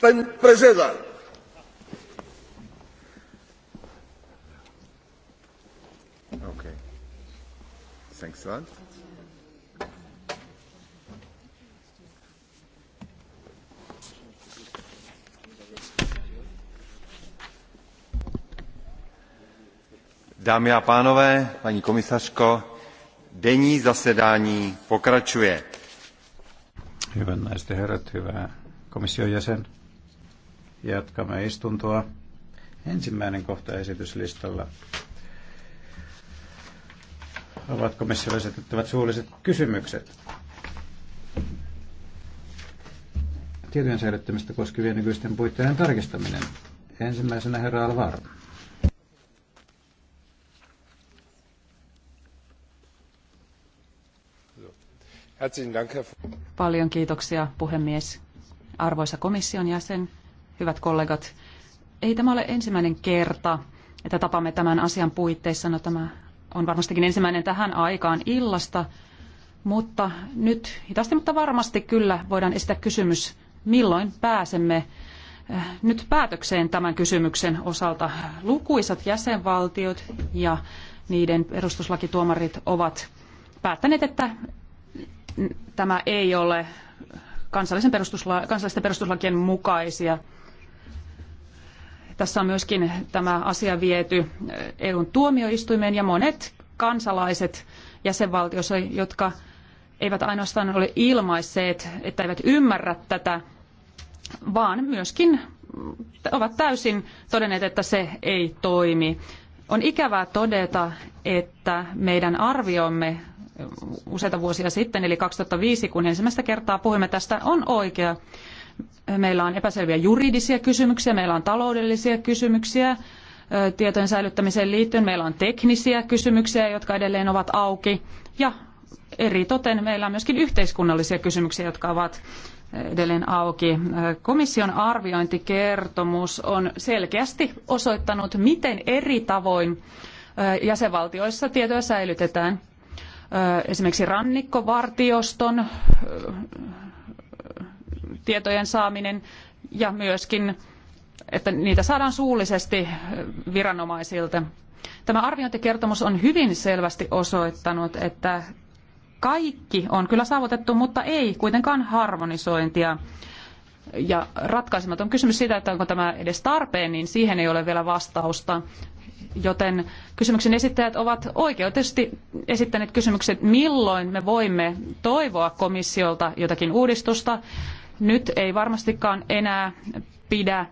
Pan president. Okay. Thanks a lot. Dámy a pánové, paní komisařko, denní zasedání pokračuje. Hyvät herrat, hyvä komission jäsen. Jatkamme istuntoa. Ensimmäinen kohta esityslistalla ovat komissiolle esitettävät suulliset kysymykset. Tietojen säilyttämistä koskevien nykyisten puitteiden tarkistaminen. Ensimmäisenä herra Alvaro. Paljon kiitoksia puhemies. Arvoisa komission jäsen, hyvät kollegat. Ei tämä ole ensimmäinen kerta, että tapamme tämän asian puitteissa. No tämä on varmastikin ensimmäinen tähän aikaan illasta, mutta nyt hitaasti, mutta varmasti kyllä voidaan esittää kysymys, milloin pääsemme eh, nyt päätökseen tämän kysymyksen osalta. Lukuisat jäsenvaltiot ja niiden perustuslakituomarit ovat päättäneet, että tämä ei ole kansallisen perustusla- kansallisten perustuslakien mukaisia tässä on myöskin tämä asia viety eh, EUn tuomioistuimeen ja monet kansalaiset jäsenvaltiossa, jotka eivät ainoastaan ole ilmaisseet, että eivät ymmärrä tätä, vaan myöskin ovat täysin todenneet, että se ei toimi. On ikävää todeta, että meidän arviomme eh, useita vuosia sitten, eli 2005, kun ensimmäistä kertaa puhuimme tästä, on oikea. Meillä on epäselviä juridisia kysymyksiä, meillä on taloudellisia kysymyksiä tietojen säilyttämiseen liittyen, meillä on teknisiä kysymyksiä, jotka edelleen ovat auki ja eri toten meillä on myöskin yhteiskunnallisia kysymyksiä, jotka ovat edelleen auki. Komission arviointikertomus on selkeästi osoittanut, miten eri tavoin jäsenvaltioissa tietoja säilytetään. Esimerkiksi rannikkovartioston tietojen saaminen ja myöskin, että niitä saadaan suullisesti viranomaisilta. Tämä arviointikertomus on hyvin selvästi osoittanut, että kaikki on kyllä saavutettu, mutta ei kuitenkaan harmonisointia. Ja ratkaisematon kysymys siitä, että onko tämä edes tarpeen, niin siihen ei ole vielä vastausta. Joten kysymyksen esittäjät ovat oikeutetusti esittäneet kysymykset, milloin me voimme toivoa komissiolta jotakin uudistusta nyt ei varmastikaan enää pidä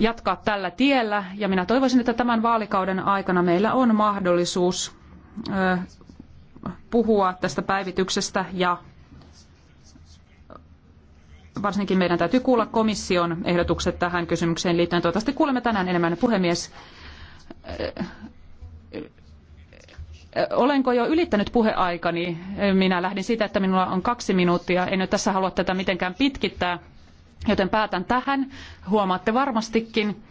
jatkaa tällä tiellä ja minä toivoisin, että tämän vaalikauden aikana meillä on mahdollisuus puhua tästä päivityksestä ja varsinkin meidän täytyy kuulla komission ehdotukset tähän kysymykseen liittyen. Toivottavasti kuulemme tänään enemmän puhemies Olenko jo ylittänyt puheaikani? Minä lähdin siitä, että minulla on kaksi minuuttia. En nyt tässä halua tätä mitenkään pitkittää, joten päätän tähän. Huomaatte varmastikin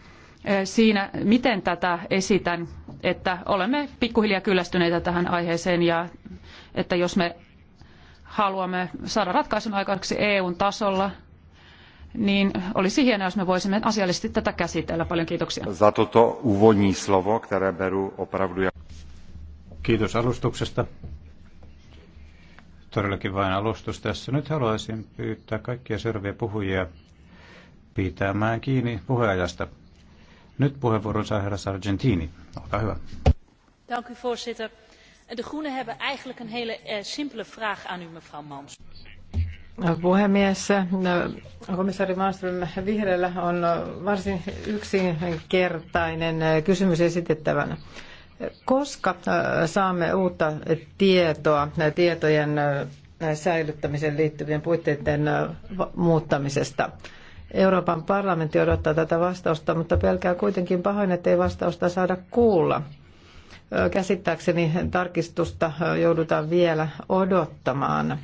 siinä, miten tätä esitän, että olemme pikkuhiljaa kyllästyneitä tähän aiheeseen ja että jos me haluamme saada ratkaisun aikaiseksi EUn tasolla, niin olisi hienoa, jos me voisimme asiallisesti tätä käsitellä. Paljon kiitoksia. Za toto slovo, které beru opravdu... Kiitos alustuksesta. Todellakin vain alustus tässä. Nyt haluaisin pyytää kaikkia seuraavia puhujia pitämään kiinni puheajasta. Nyt puheenvuoron saa herra Sargentini. Olkaa hyvä. Dank u voorzitter. De Groenen hebben eigenlijk een hele eh, simpele vraag aan u mevrouw Mans. Puhemies, komissaari Malmström vihreällä on varsin yksinkertainen eh, kysymys esitettävänä. Koska äh, saamme uutta tietoa äh, tietojen äh, säilyttämiseen liittyvien puitteiden muuttamisesta? Euroopan parlamentti odottaa tätä vastausta, mutta pelkää kuitenkin pahoin, ettei vastausta saada kuulla. Käsittääkseni tarkistusta joudutaan vielä odottamaan.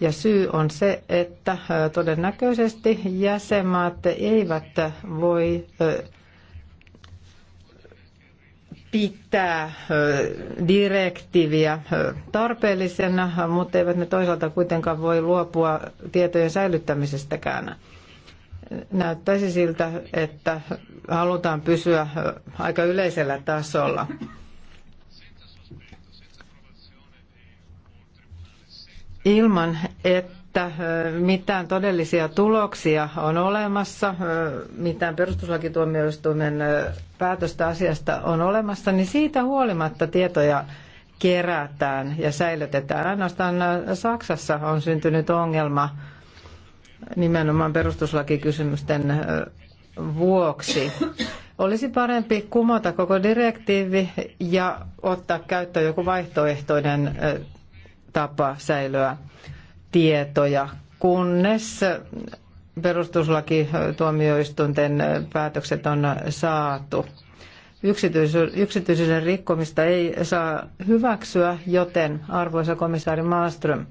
Ja syy on se, että todennäköisesti jäsenmaat eivät voi pitää direktiiviä tarpeellisena, mutta eivät ne toisaalta kuitenkaan voi luopua tietojen säilyttämisestäkään. Näyttäisi siltä, että halutaan pysyä aika yleisellä tasolla. Ilman, että että mitään todellisia tuloksia on olemassa, mitään perustuslakituomioistuimen päätöstä asiasta on olemassa, niin siitä huolimatta tietoja kerätään ja säilytetään. Ainoastaan Saksassa on syntynyt ongelma nimenomaan perustuslakikysymysten vuoksi. Olisi parempi kumota koko direktiivi ja ottaa käyttöön joku vaihtoehtoinen tapa säilyä tietoja, kunnes perustuslakituomioistuinten päätökset on saatu. Yksityisyyden rikkomista ei saa hyväksyä, joten arvoisa komissaari Maaström,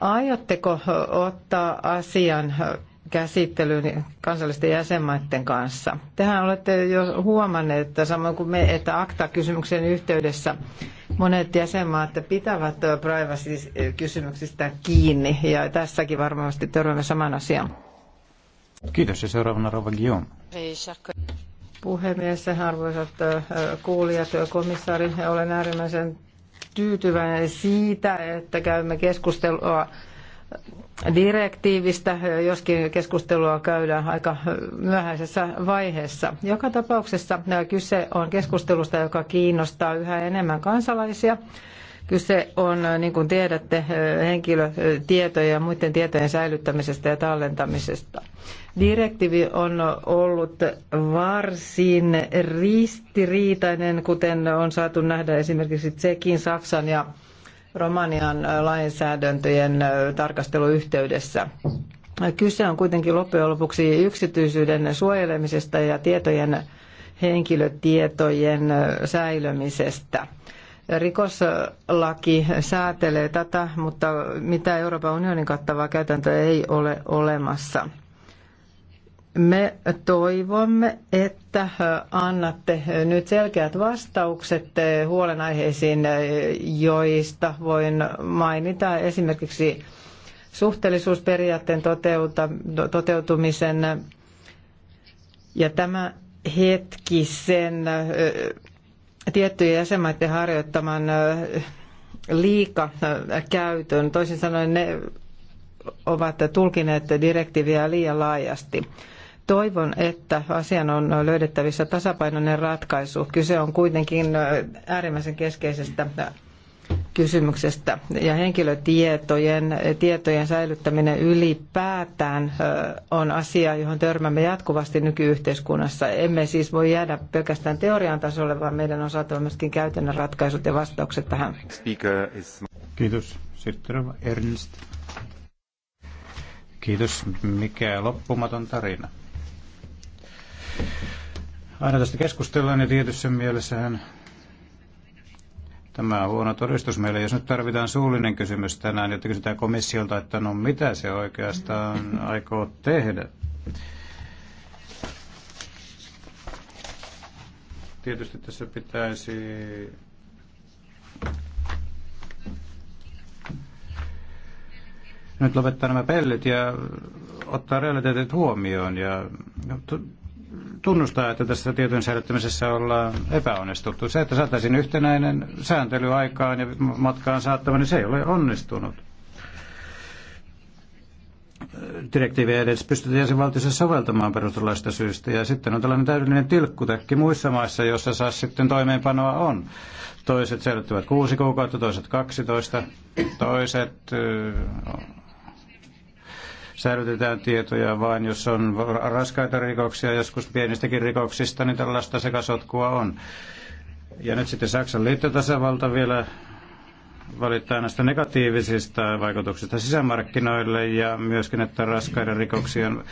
aiotteko ottaa asian käsittelyyn kansallisten jäsenmaiden kanssa? Tehän olette jo huomanneet, että samoin kuin me, että akta-kysymyksen yhteydessä Monet jäsenmaat pitävät privacy-kysymyksistä kiinni ja tässäkin varmasti törmäämme saman asian. Kiitos ja seuraavana Rova Guillaume. Puhemies, arvoisat kuulijat, komissaari, olen äärimmäisen tyytyväinen siitä, että käymme keskustelua direktiivistä, joskin keskustelua käydään aika myöhäisessä vaiheessa. Joka tapauksessa kyse on keskustelusta, joka kiinnostaa yhä enemmän kansalaisia. Kyse on, niin kuin tiedätte, henkilötietojen ja muiden tietojen säilyttämisestä ja tallentamisesta. Direktiivi on ollut varsin ristiriitainen, kuten on saatu nähdä esimerkiksi Tsekin, Saksan ja Romanian lainsäädäntöjen tarkasteluyhteydessä. Kyse on kuitenkin loppujen lopuksi yksityisyyden suojelemisesta ja tietojen henkilötietojen säilömisestä. Rikoslaki säätelee tätä, mutta mitä Euroopan unionin kattavaa käytäntöä ei ole olemassa. Me toivomme, että annatte nyt selkeät vastaukset huolenaiheisiin, joista voin mainita esimerkiksi suhteellisuusperiaatteen toteutumisen ja tämä hetkisen tiettyjen jäsenmaiden harjoittaman liikakäytön. Toisin sanoen ne ovat tulkineet direktiiviä liian laajasti. Toivon, että asian on löydettävissä tasapainoinen ratkaisu. Kyse on kuitenkin äärimmäisen keskeisestä kysymyksestä. Ja henkilötietojen tietojen säilyttäminen ylipäätään on asia, johon törmäämme jatkuvasti nykyyhteiskunnassa. Emme siis voi jäädä pelkästään teorian tasolle, vaan meidän on saatava myöskin käytännön ratkaisut ja vastaukset tähän. Kiitos. Sitten Ernst. Kiitos. Mikä loppumaton tarina. Aina tästä keskustellaan ja tietyssä mielessähän tämä on huono todistus meille. Jos nyt tarvitaan suullinen kysymys tänään, jotta kysytään komissiolta, että no mitä se oikeastaan aikoo tehdä. Tietysti tässä pitäisi nyt lopettaa nämä pellit ja ottaa realiteetit huomioon ja tunnustaa, että tässä tietojen säilyttämisessä ollaan epäonnistuttu. Se, että saataisiin yhtenäinen sääntely aikaan ja matkaan saattamaan, niin se ei ole onnistunut. Direktiiviä edes pystytään jäsenvaltiossa soveltamaan perustuslaista syystä. Ja sitten on tällainen täydellinen tilkkutekki muissa maissa, jossa saa sitten toimeenpanoa on. Toiset säilyttävät kuusi kuukautta, toiset 12, toiset säilytetään tietoja, vaan jos on raskaita rikoksia, joskus pienistäkin rikoksista, niin tällaista sekasotkua on. Ja nyt sitten Saksan liittotasavalta vielä valittaa näistä negatiivisista vaikutuksista sisämarkkinoille ja myöskin, että raskaiden rikoksien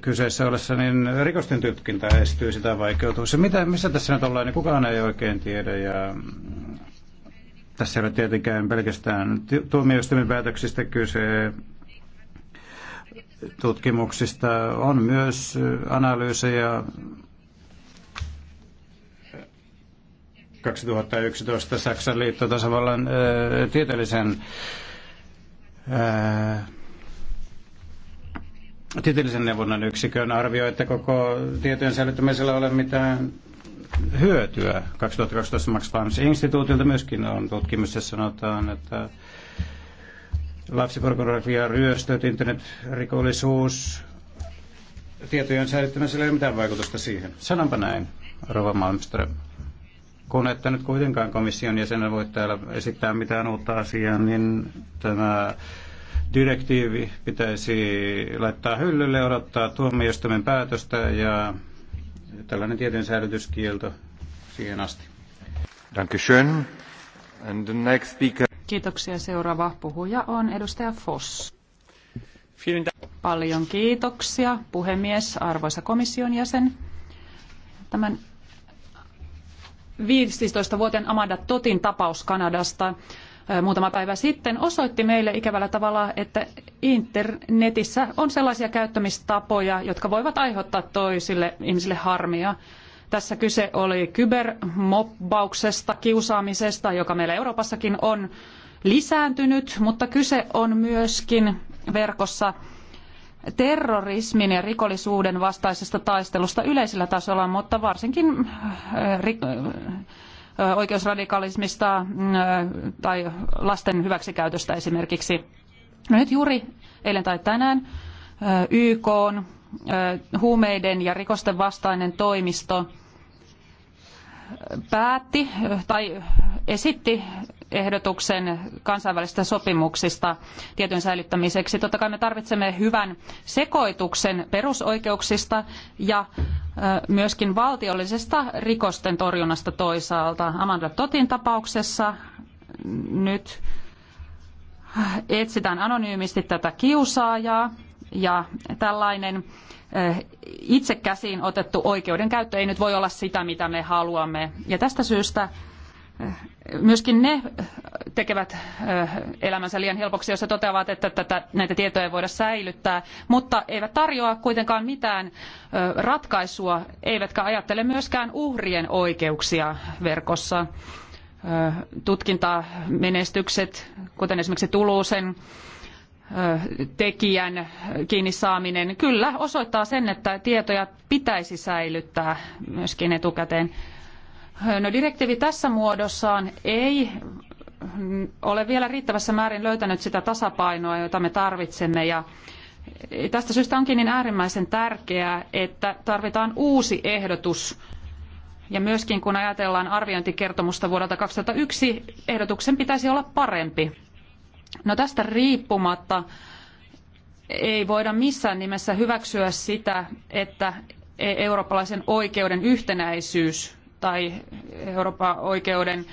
kyseessä ollessa, niin rikosten tutkinta estyy, sitä vaikeutuu. Se mitä, missä tässä nyt ollaan, niin kukaan ei oikein tiedä ja mm, tässä ei ole tietenkään pelkästään tuomioistuimen päätöksistä kyse, tutkimuksista on myös analyysejä 2011 Saksan liittotasavallan ää, tieteellisen ää, tieteellisen neuvonnan yksikön arvio, että koko tietojen säilyttämisellä ei ole mitään hyötyä. 2012 Max Planck-instituutilta myöskin on tutkimus, jossa sanotaan, että lapsipornografia, ryöstöt, internetrikollisuus, tietojen säilyttämisellä ei ole mitään vaikutusta siihen. Sanonpa näin, Rova Malmström. Kun että nyt kuitenkaan komission jäsenä voi täällä esittää mitään uutta asiaa, niin tämä direktiivi pitäisi laittaa hyllylle, odottaa tuomioistuimen päätöstä ja tällainen tietojen säilytyskielto siihen asti. schön. And the next speaker. Kiitoksia. Seuraava puhuja on edustaja Foss. Paljon kiitoksia, puhemies, arvoisa komission jäsen. Tämän 15-vuotiaan Amanda Totin tapaus Kanadasta muutama päivä sitten osoitti meille ikävällä tavalla, että internetissä on sellaisia käyttämistapoja, jotka voivat aiheuttaa toisille ihmisille harmia. Tässä kyse oli kybermobbauksesta, kiusaamisesta, joka meillä Euroopassakin on, lisääntynyt, mutta kyse on myöskin verkossa terrorismin ja rikollisuuden vastaisesta taistelusta yleisellä tasolla, mutta varsinkin äh, äh, oikeusradikalismista mm, äh, tai lasten hyväksikäytöstä esimerkiksi. No nyt juuri eilen tai tänään YK on huumeiden ja rikosten vastainen toimisto päätti tai esitti ehdotuksen kansainvälisistä sopimuksista tietyn säilyttämiseksi. Totta kai me tarvitsemme hyvän sekoituksen perusoikeuksista ja myöskin valtiollisesta rikosten torjunnasta toisaalta. Amanda Totin tapauksessa nyt etsitään anonyymisti tätä kiusaajaa ja tällainen itse käsiin otettu oikeudenkäyttö ei nyt voi olla sitä, mitä me haluamme. Ja tästä syystä myöskin ne äh, tekevät äh, elämänsä liian helpoksi, jos he toteavat, että tätä, näitä tietoja ei voida säilyttää, mutta eivät tarjoa kuitenkaan mitään äh, ratkaisua, eivätkä ajattele myöskään uhrien oikeuksia verkossa. Tutkintamenestykset, kuten esimerkiksi Tuluusen tekijän kiinni saaminen, kyllä osoittaa sen, että tietoja pitäisi säilyttää myöskin etukäteen. No direktiivi tässä muodossaan ei ole vielä riittävässä määrin löytänyt sitä tasapainoa, jota me tarvitsemme ja tästä syystä onkin niin äärimmäisen tärkeää, että tarvitaan uusi ehdotus ja myöskin kun ajatellaan arviointikertomusta vuodelta 2001, ehdotuksen pitäisi olla parempi. No tästä riippumatta ei voida missään nimessä hyväksyä sitä, että e- eurooppalaisen oikeuden yhtenäisyys tai Euroopan oikeuden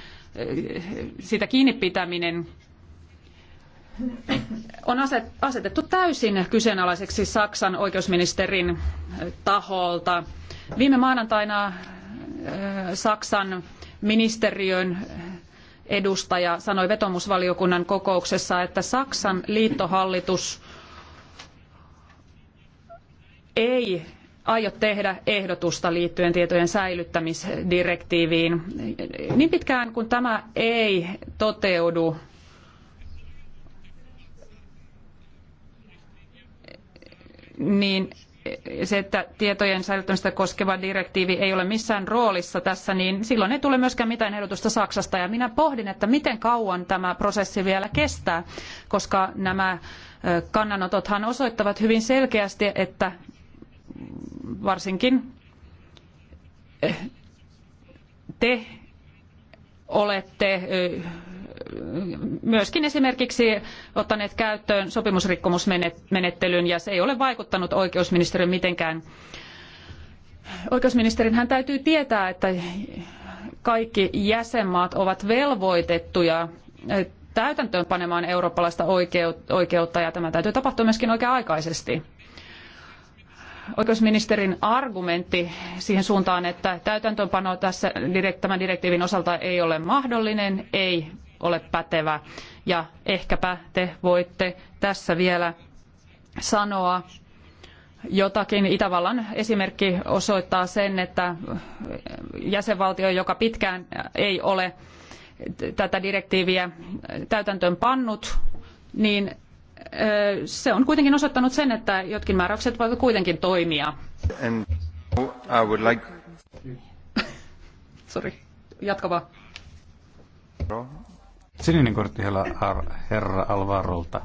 siitä kiinni pitäminen on asetettu täysin kyseenalaiseksi Saksan oikeusministerin taholta. Viime maanantaina äh, Saksan ministeriön edustaja sanoi vetomusvaliokunnan kokouksessa, että Saksan liittohallitus ei aio tehdä ehdotusta liittyen tietojen säilyttämisdirektiiviin. Niin pitkään kun tämä ei toteudu, niin se, että tietojen säilyttämistä koskeva direktiivi ei ole missään roolissa tässä, niin silloin ei tule myöskään mitään ehdotusta Saksasta. Ja minä pohdin, että miten kauan tämä prosessi vielä kestää, koska nämä kannanotothan osoittavat hyvin selkeästi, että varsinkin eh, te olette eh, myöskin esimerkiksi ottaneet käyttöön sopimusrikkomusmenettelyn ja se ei ole vaikuttanut oikeusministeriön mitenkään. Oikeusministerin hän täytyy tietää, että kaikki jäsenmaat ovat velvoitettuja eh, täytäntöön panemaan eurooppalaista oikeutta ja tämä täytyy tapahtua myöskin oikea-aikaisesti oikeusministerin argumentti siihen suuntaan, että täytäntöönpano tässä tämän direktiivin osalta ei ole mahdollinen, ei ole pätevä. Ja ehkäpä te voitte tässä vielä sanoa jotakin. Itävallan esimerkki osoittaa sen, että jäsenvaltio, joka pitkään ei ole tätä direktiiviä täytäntöön pannut, niin se on kuitenkin osoittanut sen, että jotkin määräykset voivat kuitenkin toimia. Like... Sorry, jatkava. Sininen kortti herra Alvarolta.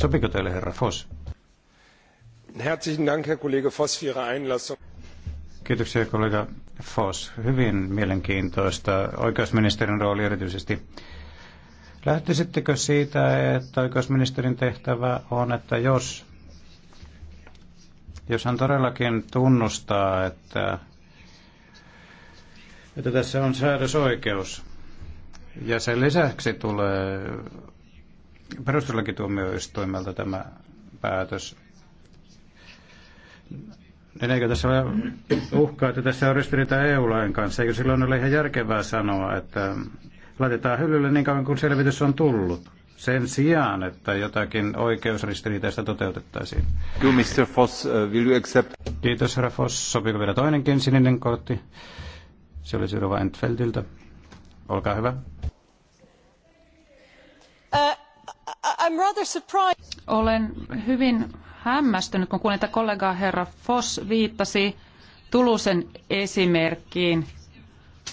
Sopiko teille herra Foss? Herzlichen Dank, Herr Kollege Voss, für Ihre Einlassung. Kiitoksia kollega Foss. Hyvin mielenkiintoista oikeusministerin rooli erityisesti Lähtisittekö siitä, että oikeusministerin tehtävä on, että jos, jos hän todellakin tunnustaa, että, että tässä on säädösoikeus, ja sen lisäksi tulee perustuslakituomioistuimelta tämä päätös, niin eikö tässä ole uhkaa, että tässä on ristiriita EU-lain kanssa? Eikö silloin ole ihan järkevää sanoa, että laitetaan hyllylle niin kauan kuin selvitys on tullut sen sijaan, että jotakin oikeusristiriitaista toteutettaisiin. Mr. Foss, uh, will you accept? Kiitos, herra Foss. Sopiiko vielä toinenkin sininen kortti? Se oli Syrova Entfeldiltä. Olkaa hyvä. Uh, I'm rather surprised. Olen hyvin hämmästynyt, kun kuulin, että kollega herra Foss viittasi Tulusen esimerkkiin –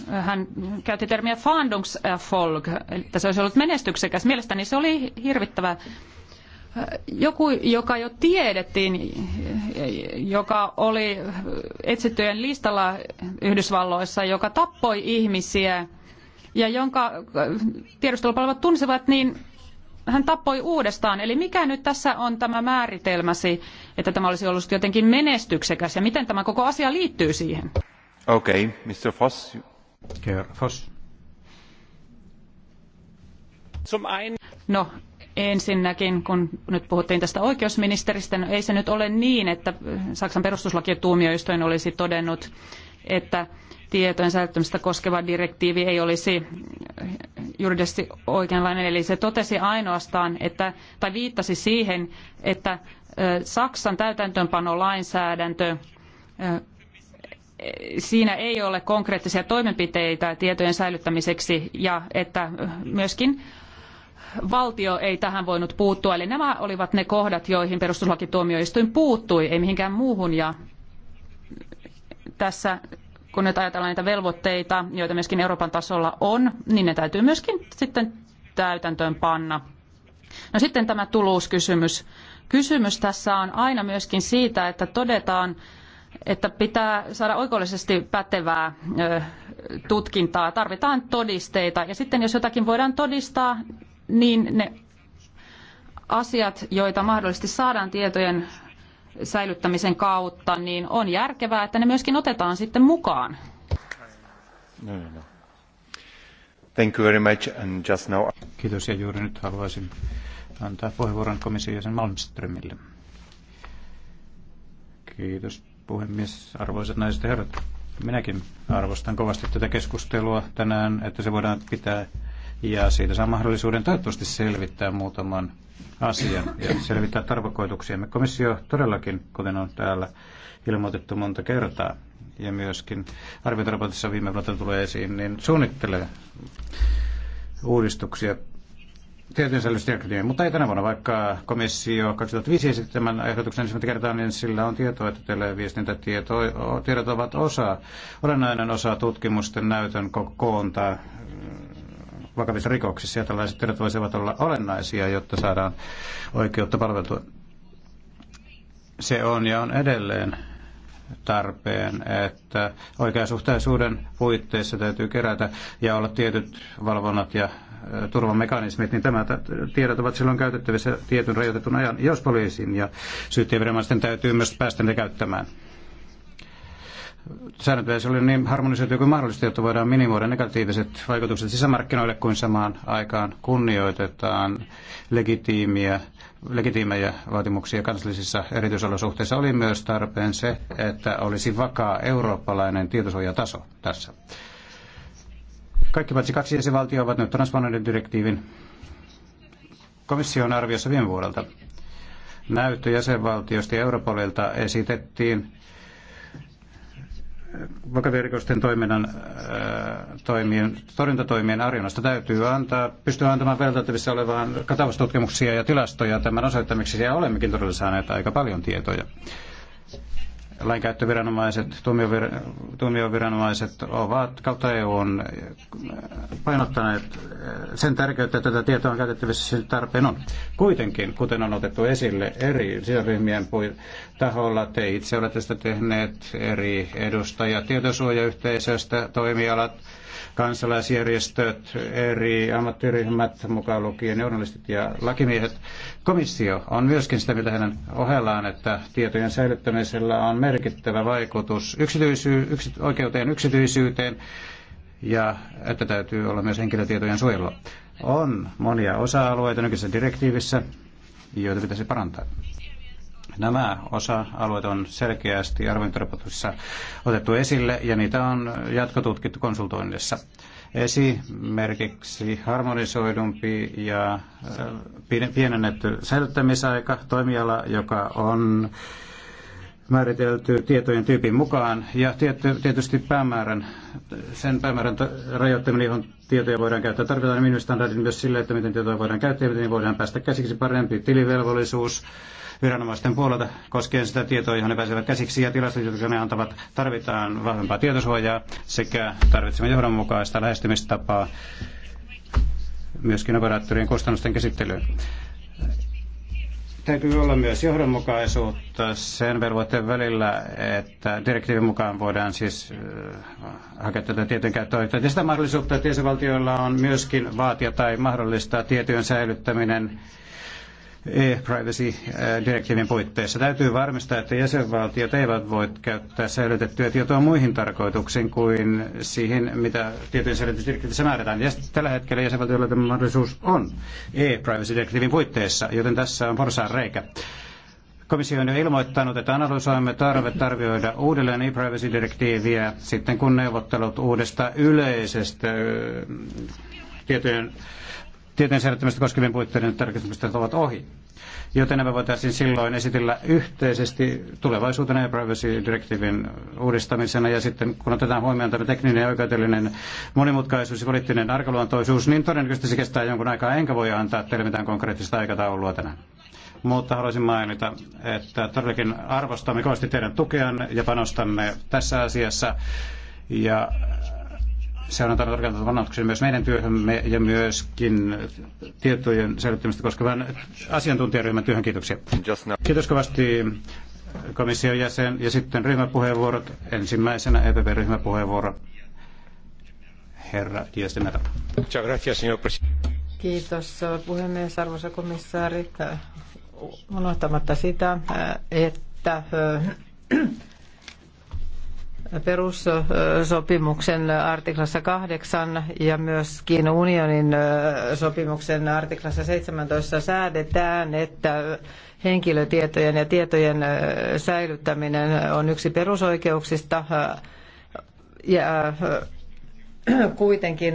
hän käytti termiä Fandungsfolk, äh, että se olisi ollut menestyksekäs. Mielestäni se oli hirvittävä joku, joka jo tiedettiin, joka oli etsittyjen listalla Yhdysvalloissa, joka tappoi ihmisiä ja jonka tiedustelupalvelut tunsivat, niin hän tappoi uudestaan. Eli mikä nyt tässä on tämä määritelmäsi, että tämä olisi ollut jotenkin menestyksekäs ja miten tämä koko asia liittyy siihen? Okei, okay, Mr. Foss, Kerfos. No, ensinnäkin, kun nyt puhuttiin tästä oikeusministeristä, no ei se nyt ole niin, että Saksan perustuslakituomioistuin olisi todennut, että tietojen säilyttämistä koskeva direktiivi ei olisi juridisesti oikeanlainen. Eli se totesi ainoastaan, että, tai viittasi siihen, että Saksan täytäntöönpanolainsäädäntö siinä ei ole konkreettisia toimenpiteitä tietojen säilyttämiseksi ja että myöskin valtio ei tähän voinut puuttua. Eli nämä olivat ne kohdat, joihin perustuslakituomioistuin puuttui, ei mihinkään muuhun. Ja tässä kun nyt ajatellaan näitä velvoitteita, joita myöskin Euroopan tasolla on, niin ne täytyy myöskin sitten täytäntöön panna. No sitten tämä tuluuskysymys. Kysymys tässä on aina myöskin siitä, että todetaan, että pitää saada oikeudellisesti pätevää tutkintaa. Tarvitaan todisteita ja sitten jos jotakin voidaan todistaa, niin ne asiat, joita mahdollisesti saadaan tietojen säilyttämisen kautta, niin on järkevää, että ne myöskin otetaan sitten mukaan. No, no. no. Thank you very much and just now... Kiitos ja juuri nyt haluaisin antaa puheenvuoron komission jäsen Malmströmille. Kiitos puhemies, arvoisat naiset ja herrat. Minäkin arvostan kovasti tätä keskustelua tänään, että se voidaan pitää ja siitä saa mahdollisuuden toivottavasti selvittää muutaman asian ja selvittää tarkoituksia. Komissio todellakin, kuten on täällä ilmoitettu monta kertaa ja myöskin arviointiraportissa viime vuodelta tulee esiin, niin suunnittelee uudistuksia tietyn säilytysdirektiivin, mutta ei tänä vuonna, vaikka komissio 2005 esitti tämän ehdotuksen ensimmäistä kertaa, niin sillä on tietoa, että televiestintätiedot ovat osa, olennainen osa tutkimusten näytön koontaa äh, vakavissa rikoksissa, ja tällaiset tiedot voisivat olla olennaisia, jotta saadaan oikeutta palveltua. Se on ja on edelleen tarpeen, että oikeasuhtaisuuden puitteissa täytyy kerätä ja olla tietyt valvonnat ja turvamekanismit, niin tämä tiedot ovat silloin käytettävissä tietyn rajoitetun ajan, jos poliisin ja syyttäjäviranomaisten täytyy myös päästä ne käyttämään. Säännöt pitäisi olla niin harmonisoitu kuin mahdollista, jotta voidaan minimoida negatiiviset vaikutukset sisämarkkinoille kuin samaan aikaan kunnioitetaan legitiimiä legitiimejä vaatimuksia kansallisissa erityisolosuhteissa oli myös tarpeen se, että olisi vakaa eurooppalainen tietosuojataso tässä. Kaikki paitsi kaksi jäsenvaltioa ovat nyt transponoineet direktiivin komission arviossa viime vuodelta. Näyttö jäsenvaltiosta ja Europolilta esitettiin vakavirikosten toiminnan äh, toimien, torjuntatoimien arjonnasta täytyy antaa, pystyä antamaan vertailtavissa olevaan katavastutkimuksia ja tilastoja tämän osoittamiseksi, ja olemmekin todella saaneet aika paljon tietoja lainkäyttöviranomaiset, tuomioviranomaiset ovat kautta on e äh, painottaneet äh, sen tärkeyttä, että tätä tietoa on käytettävissä tarpeen on. Kuitenkin, kuten on otettu esille eri sisäryhmien taholla, te itse olette tehneet, eri edustajat, tietosuojayhteisöstä, toimialat, kansalaisjärjestöt, eri ammattiryhmät, mukaan lukien journalistit ja lakimiehet. Komissio on myöskin sitä mieltä heidän ohellaan, että tietojen säilyttämisellä on merkittävä vaikutus oikeuteen yksityisyyteen ja että täytyy olla myös henkilötietojen suojelua. On monia osa-alueita nykyisessä direktiivissä, joita pitäisi parantaa. Nämä osa-alueet on selkeästi arviointiraportissa otettu esille ja niitä on jatkotutkittu konsultoinnissa. Esimerkiksi harmonisoidumpi ja äh, pienennetty säilyttämisaika toimiala, joka on määritelty tietojen tyypin mukaan ja tietysti päämäärän, sen päämäärän rajoittaminen, johon tietoja voidaan käyttää. Tarvitaan minimistandardit myös sille, että miten tietoja voidaan käyttää ja miten voidaan päästä käsiksi parempi tilivelvollisuus viranomaisten puolelta koskien sitä tietoa, johon ne pääsevät käsiksi ja tilastotietoja ne antavat. Tarvitaan vahvempaa tietosuojaa sekä tarvitsemme johdonmukaista lähestymistapaa myöskin operaattorien kustannusten käsittelyyn täytyy olla myös johdonmukaisuutta sen velvoitteen välillä, että direktiivin mukaan voidaan siis äh, hakea tätä tietojen käyttöä. Ja sitä mahdollisuutta, että on myöskin vaatia tai mahdollistaa tietojen säilyttäminen e-privacy-direktiivin puitteissa. Täytyy varmistaa, että jäsenvaltiot eivät voi käyttää säilytettyä tietoa muihin tarkoituksiin kuin siihen, mitä tietojen säilytysdirektiivissä määrätään. Ja tällä hetkellä jäsenvaltioilla tämä mahdollisuus on e-privacy-direktiivin puitteissa, joten tässä on porsaan reikä. Komissio on jo ilmoittanut, että analysoimme tarvetta arvioida uudelleen e-privacy-direktiiviä sitten, kun neuvottelut uudesta yleisestä tietojen Tieteen säädättämistä koskevien puitteiden tarkistamista ovat ohi. Joten nämä voitaisiin silloin esitellä yhteisesti tulevaisuutena ja privacy-direktiivin uudistamisena. Ja sitten kun otetaan huomioon tämä tekninen ja oikeudellinen monimutkaisuus ja poliittinen arkaluontoisuus, niin todennäköisesti se kestää jonkun aikaa, enkä voi antaa teille mitään konkreettista aikataulua tänään mutta haluaisin mainita, että todellakin arvostamme kovasti teidän tukeanne ja panostamme tässä asiassa. Ja se on antanut organisaation myös meidän työhömme ja myöskin tietojen säilyttämistä koskevan asiantuntijaryhmän työhön. Kiitoksia. Kiitos kovasti komission jäsen ja sitten ryhmäpuheenvuorot. Ensimmäisenä EPP-ryhmäpuheenvuoro. Herra Diestemera. Kiitos puhemies, arvoisa komissaari. Unohtamatta sitä, että perussopimuksen artiklassa 8 ja myöskin unionin sopimuksen artiklassa 17 säädetään, että henkilötietojen ja tietojen säilyttäminen on yksi perusoikeuksista ja kuitenkin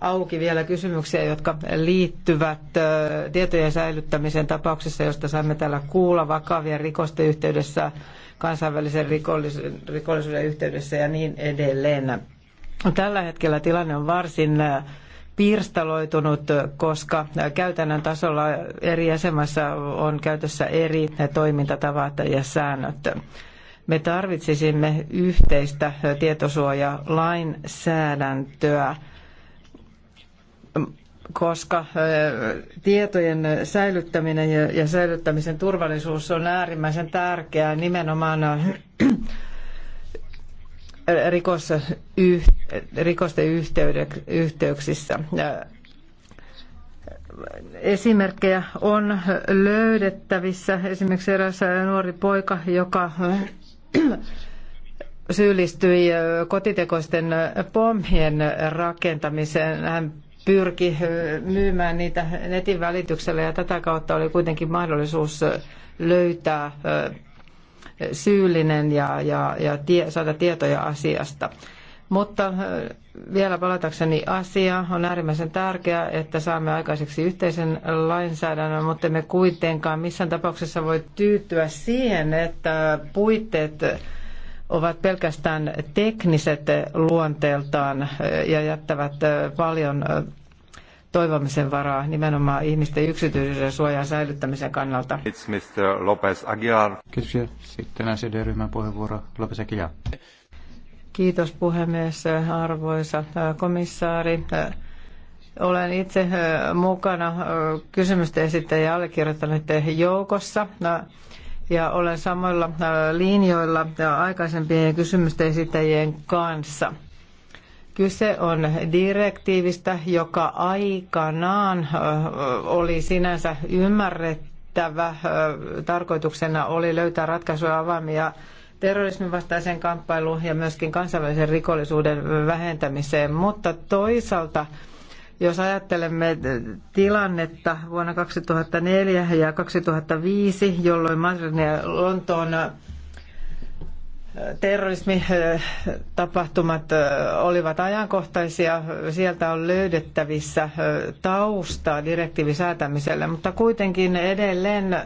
auki vielä kysymyksiä, jotka liittyvät tietojen säilyttämiseen tapauksessa, josta saimme täällä kuulla vakavien rikosten yhteydessä, kansainvälisen rikollisuuden yhteydessä ja niin edelleen. Tällä hetkellä tilanne on varsin pirstaloitunut, koska käytännön tasolla eri jäsenmaissa on käytössä eri toimintatavat ja säännöt. Me tarvitsisimme yhteistä tietosuojalainsäädäntöä koska tietojen säilyttäminen ja säilyttämisen turvallisuus on äärimmäisen tärkeää nimenomaan rikosten yhteyksissä. Esimerkkejä on löydettävissä. Esimerkiksi eräs nuori poika, joka syyllistyi kotitekoisten pommien rakentamiseen. Hän pyrki myymään niitä netin välityksellä ja tätä kautta oli kuitenkin mahdollisuus löytää syyllinen ja, ja, ja tie, saada tietoja asiasta. Mutta vielä palatakseni asia on äärimmäisen tärkeää, että saamme aikaiseksi yhteisen lainsäädännön, mutta me kuitenkaan missään tapauksessa voi tyytyä siihen, että puitteet ovat pelkästään tekniset luonteeltaan ja jättävät paljon toivomisen varaa nimenomaan ihmisten yksityisyyden suojan säilyttämisen kannalta. It's Mr. Lopez Aguilar. Kiitoksia. Sitten sed puheenvuoro Lopez Aguilar. Kiitos puhemies, arvoisa komissaari. Olen itse mukana kysymysten esittäjien allekirjoittaneiden joukossa. No, ja olen samoilla äh, linjoilla äh, aikaisempien kysymysten esittäjien kanssa. Kyse on direktiivistä, joka aikanaan äh, oli sinänsä ymmärrettävä. Tarkoituksena oli löytää ratkaisuja avaimia terrorismin vastaiseen kamppailuun ja myöskin kansainvälisen rikollisuuden vähentämiseen, mutta toisaalta – jos ajattelemme tilannetta vuonna 2004 ja 2005, jolloin Madridin ja Lontoon äh, terrorismitapahtumat äh, äh, olivat ajankohtaisia. Sieltä on löydettävissä taustaa direktiivisäätämiselle, mutta kuitenkin edelleen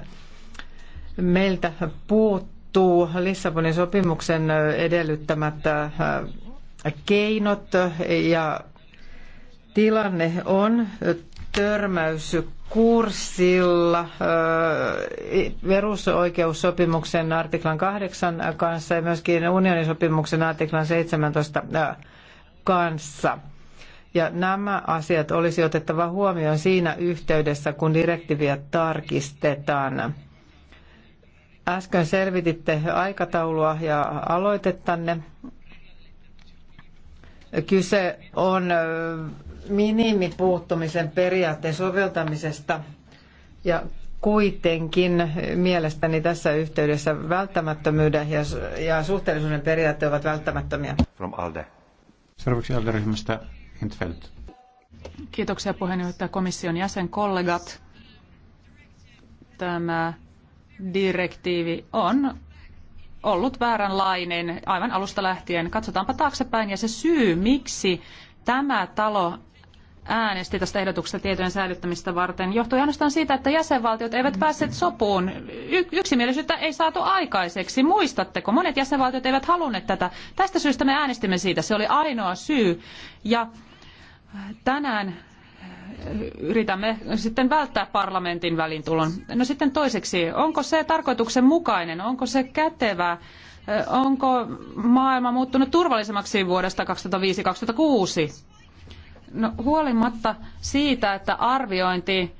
meiltä puuttuu Lissabonin sopimuksen edellyttämät keinot ja tilanne on törmäyskurssilla perusoikeussopimuksen artiklan 8 kanssa ja myöskin unionisopimuksen artiklan 17 kanssa. Ja nämä asiat olisi otettava huomioon siinä yhteydessä, kun direktiiviä tarkistetaan. Äsken selvititte aikataulua ja aloitettanne. Kyse on minimipuuttumisen periaatteen soveltamisesta ja kuitenkin mielestäni tässä yhteydessä välttämättömyyden ja, ja suhteellisuuden periaatteet ovat välttämättömiä. From ALDE. Seuraavaksi ALDE-ryhmästä Hintfeld. Kiitoksia puheenjohtaja komission jäsenkollegat. Tämä direktiivi on ollut vääränlainen aivan alusta lähtien. Katsotaanpa taaksepäin ja se syy, miksi tämä talo äänesti tästä ehdotuksesta tietojen säilyttämistä varten, johtui ainoastaan siitä, että jäsenvaltiot eivät päässeet sopuun. Y- yksimielisyyttä ei saatu aikaiseksi. Muistatteko? Monet jäsenvaltiot eivät halunneet tätä. Tästä syystä me äänestimme siitä. Se oli ainoa syy. Ja tänään yritämme sitten välttää parlamentin välintulon. No sitten toiseksi, onko se tarkoituksenmukainen? Onko se kätevä? Onko maailma muuttunut turvallisemmaksi vuodesta 2005-2006? No, huolimatta siitä, että arviointi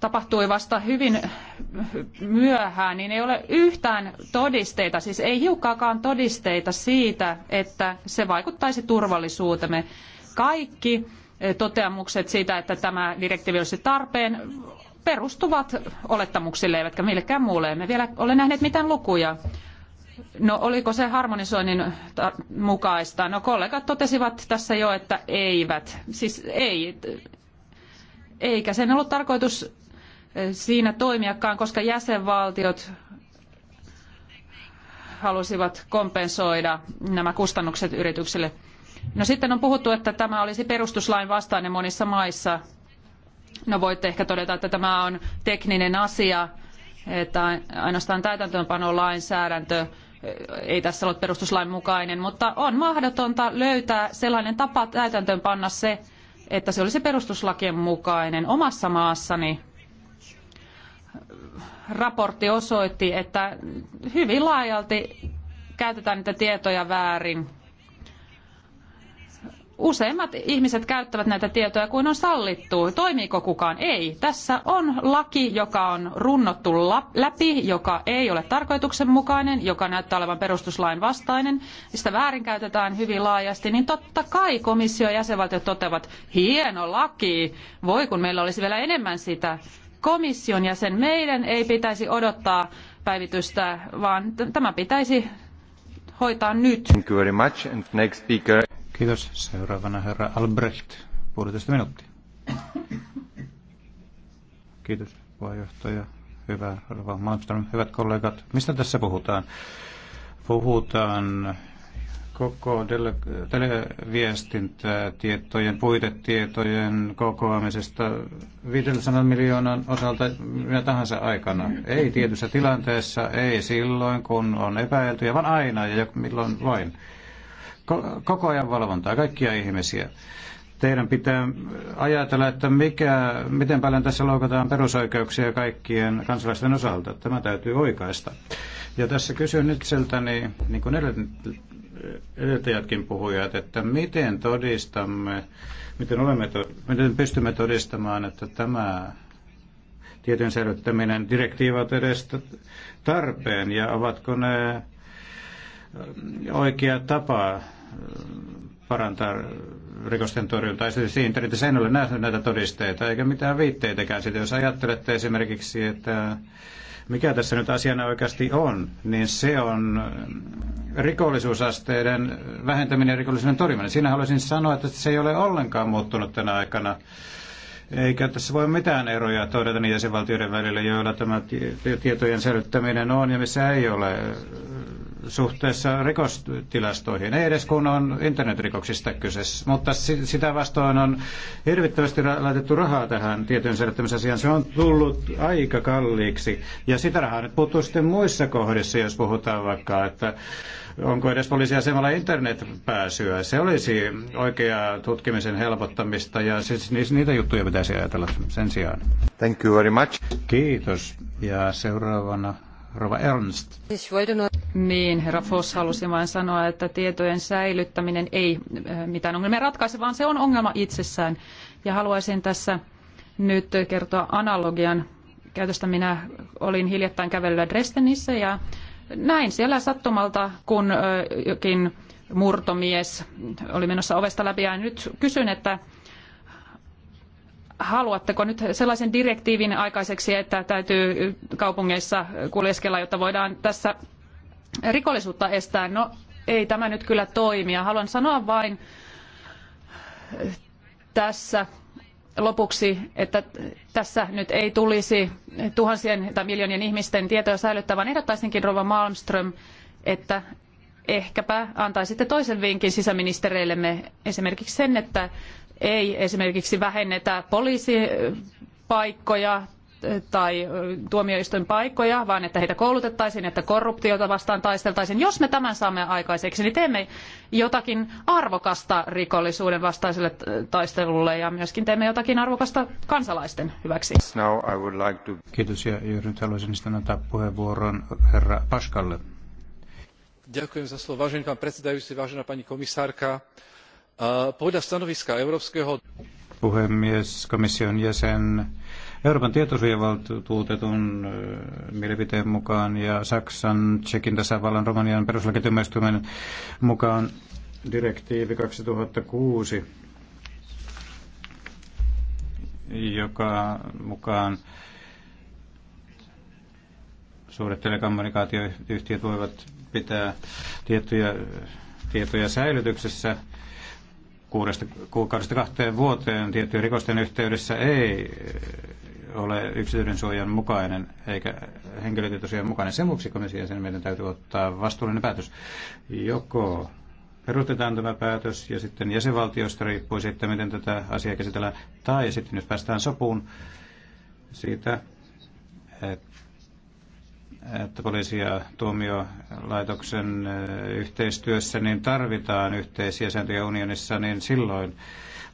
tapahtui vasta hyvin myöhään, niin ei ole yhtään todisteita, siis ei hiukkaakaan todisteita siitä, että se vaikuttaisi turvallisuutemme. Kaikki eh, toteamukset siitä, että tämä direktiivi olisi tarpeen, perustuvat olettamuksille eivätkä millekään muulle. Emme vielä ole nähneet mitään lukuja. No oliko se harmonisoinnin mukaista? No kollegat totesivat tässä jo, että eivät. Siis ei. Eikä sen ollut tarkoitus eh, siinä toimiakaan, koska jäsenvaltiot halusivat kompensoida nämä kustannukset yrityksille. No sitten on puhuttu, että tämä olisi perustuslain vastainen monissa maissa. No voitte ehkä todeta, että tämä on tekninen asia, että ainoastaan täytäntöönpano lainsäädäntö ei tässä ole perustuslain mukainen, mutta on mahdotonta löytää sellainen tapa täytäntöönpanna se, että se olisi perustuslakien mukainen. Omassa maassani raportti osoitti, että hyvin laajalti käytetään niitä tietoja väärin Useimmat ihmiset käyttävät näitä tietoja kuin on sallittu. Toimiiko kukaan? Ei. Tässä on laki, joka on runnottu läpi, joka ei ole tarkoituksenmukainen, joka näyttää olevan perustuslain vastainen. Sitä väärinkäytetään hyvin laajasti, niin totta kai komissio ja jäsenvaltiot toteavat, hieno laki, voi kun meillä olisi vielä enemmän sitä. Komission jäsen meidän ei pitäisi odottaa päivitystä, vaan tämä pitäisi hoitaa nyt. Thank you very much. And next speaker. Kiitos. Seuraavana herra Albrecht, puolitoista minuuttia. Kiitos puheenjohtaja. Hyvä, Rova Malmström, hyvät kollegat. Mistä tässä puhutaan? Puhutaan koko dele- televiestintätietojen, puitetietojen kokoamisesta 500 miljoonan osalta minä tahansa aikana. Ei tietyssä tilanteessa, ei silloin, kun on epäiltyjä, vaan aina ja milloin vain koko ajan valvontaa, kaikkia ihmisiä. Teidän pitää ajatella, että mikä, miten paljon tässä loukataan perusoikeuksia kaikkien kansalaisten osalta. Tämä täytyy oikaista. Ja tässä kysyn itseltäni, niin kuin edeltäjätkin puhujat, että miten todistamme, miten, olemme, miten pystymme todistamaan, että tämä tietyn säilyttäminen direktiivat edes tarpeen ja ovatko ne oikea tapa äh, parantaa rikosten torjuntaa. Esimerkiksi internetissä en ole nähnyt näitä todisteita eikä mitään viitteitäkään siitä. Jos ajattelette esimerkiksi, että mikä tässä nyt asiana oikeasti on, niin se on äh, rikollisuusasteiden vähentäminen ja rikollisuuden torjuminen. Siinä haluaisin sanoa, että se ei ole ollenkaan muuttunut tänä aikana eikä tässä voi mitään eroja todeta niiden jäsenvaltioiden välillä, joilla tämä tietojen säilyttäminen on ja missä ei ole äh, suhteessa rikostilastoihin, ei edes kun on internetrikoksista kyseessä. Mutta sitä vastoin on hirvittävästi laitettu rahaa tähän tietojen säilyttämisasiaan. Se on tullut aika kalliiksi ja sitä rahaa nyt puuttuu sitten muissa kohdissa, jos puhutaan vaikka, että onko edes poliisiasemalla internetpääsyä. Se olisi oikea tutkimisen helpottamista ja siis niitä juttuja pitäisi ajatella sen sijaan. Thank you very much. Kiitos. Ja seuraavana Rova Ernst. Niin, herra Foss halusi vain sanoa, että tietojen säilyttäminen ei eh, mitään ongelmia ratkaise, vaan se on ongelma itsessään. Ja haluaisin tässä nyt kertoa analogian käytöstä. Minä olin hiljattain kävellyt Dresdenissä ja näin siellä sattumalta, kun jokin murtomies oli menossa ovesta läpi ja nyt kysyn, että haluatteko nyt sellaisen direktiivin aikaiseksi, että täytyy kaupungeissa kuljeskella, jotta voidaan tässä rikollisuutta estää? No ei tämä nyt kyllä toimi ja haluan sanoa vain tässä lopuksi, että tässä nyt ei tulisi tuhansien tai miljoonien ihmisten tietoja säilyttää, vaan ehdottaisinkin Rova Malmström, että ehkäpä antaisitte toisen vinkin sisäministereillemme esimerkiksi sen, että ei esimerkiksi vähennetä poliisipaikkoja tai tuomioistuin paikkoja, vaan että heitä koulutettaisiin, että korruptiota vastaan taisteltaisiin. Jos me tämän saamme aikaiseksi, niin teemme jotakin arvokasta rikollisuuden vastaiselle taistelulle ja myöskin teemme jotakin arvokasta kansalaisten hyväksi. Now I would like to... Kiitos ja nyt haluaisin sitten antaa puheenvuoron herra Paskalle. Ďakujem za slovo, vážený pán predsedajúci, vážená pani komisárka. Podľa stanoviska Európskeho... Puhemies, komission jäsen, Euroopan tietosuojavaltuutetun äh, mielipiteen mukaan ja Saksan, Tsekin tasavallan, Romanian peruslakitymäistymän mukaan direktiivi 2006, joka mukaan suuret telekommunikaatioyhtiöt voivat pitää tiettyjä tietoja säilytyksessä kuudesta kuukaudesta kahteen vuoteen tiettyjen rikosten yhteydessä ei ole yksityisen suojan mukainen eikä henkilötietosuojan mukainen. Sen vuoksi komission sen meidän täytyy ottaa vastuullinen päätös. Joko perustetaan tämä päätös ja sitten jäsenvaltiosta riippuu sitten, miten tätä asiaa käsitellään, tai sitten jos päästään sopuun siitä, että poliisi- ja tuomiolaitoksen yhteistyössä niin tarvitaan yhteisiä sääntöjä unionissa, niin silloin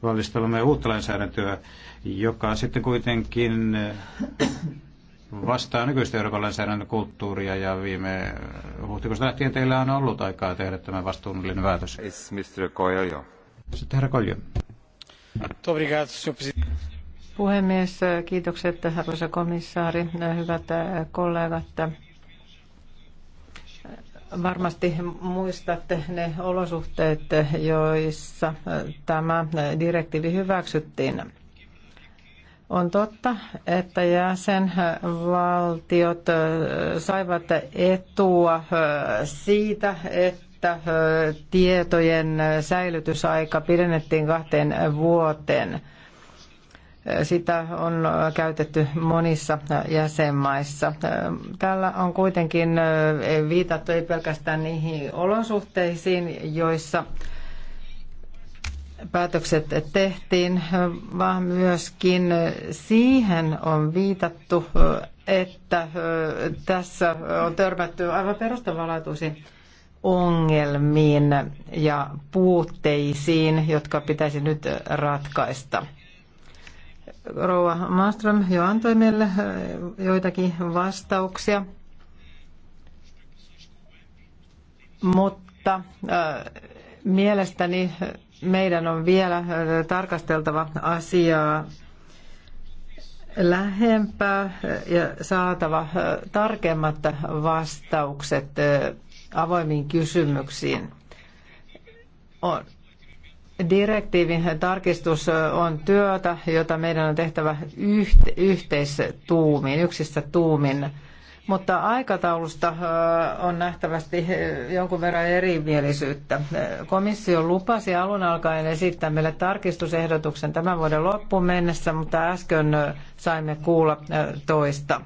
valmistelemme uutta lainsäädäntöä, joka sitten kuitenkin vastaa nykyistä Euroopan lainsäädännön kulttuuria ja viime huhtikuusta lähtien teillä on ollut aikaa tehdä tämä vastuullinen päätös. Sitten herra Koljo. Puhemies, kiitokset arvoisa komissaari, hyvät kollegat. Varmasti muistatte ne olosuhteet, joissa tämä direktiivi hyväksyttiin. On totta, että jäsenvaltiot saivat etua siitä, että tietojen säilytysaika pidennettiin kahteen vuoteen. Sitä on käytetty monissa jäsenmaissa. Tällä on kuitenkin viitattu ei pelkästään niihin olosuhteisiin, joissa päätökset tehtiin, vaan myöskin siihen on viitattu, että tässä on törmätty aivan perustavanlaatuisiin ongelmiin ja puutteisiin, jotka pitäisi nyt ratkaista. Rouva Maastrom jo antoi meille äh, joitakin vastauksia, mutta äh, mielestäni meidän on vielä äh, tarkasteltava asiaa lähempää ja saatava tarkemmat vastaukset avoimiin kysymyksiin. On Direktiivin tarkistus on työtä, jota meidän on tehtävä yhte, yhteistuumin, yksissä tuumin. Mutta aikataulusta on nähtävästi jonkun verran erimielisyyttä. Komissio lupasi alun alkaen esittää meille tarkistusehdotuksen tämän vuoden loppuun mennessä, mutta äsken saimme kuulla toista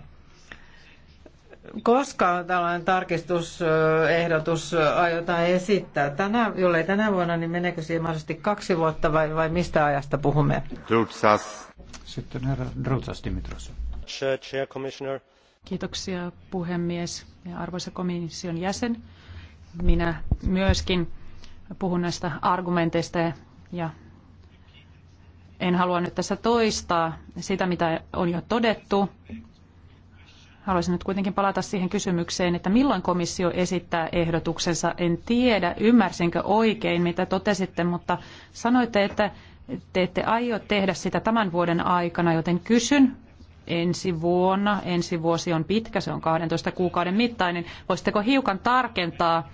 koska tällainen tarkistusehdotus aiotaan esittää? Tänä, jollei tänä vuonna, niin meneekö siihen mahdollisesti kaksi vuotta vai, vai mistä ajasta puhumme? Drutsas. Sitten herra Drutsas Dimitros. Commissioner. Kiitoksia puhemies ja arvoisa komission jäsen. Minä myöskin puhun näistä argumenteista ja en halua nyt tässä toistaa sitä, mitä on jo todettu Haluaisin nyt kuitenkin palata siihen kysymykseen, että milloin komissio esittää ehdotuksensa. En tiedä, ymmärsinkö oikein, mitä totesitte, mutta sanoitte, että te ette aio tehdä sitä tämän vuoden aikana, joten kysyn ensi vuonna. Ensi vuosi on pitkä, se on 12 kuukauden mittainen. Voisitteko hiukan tarkentaa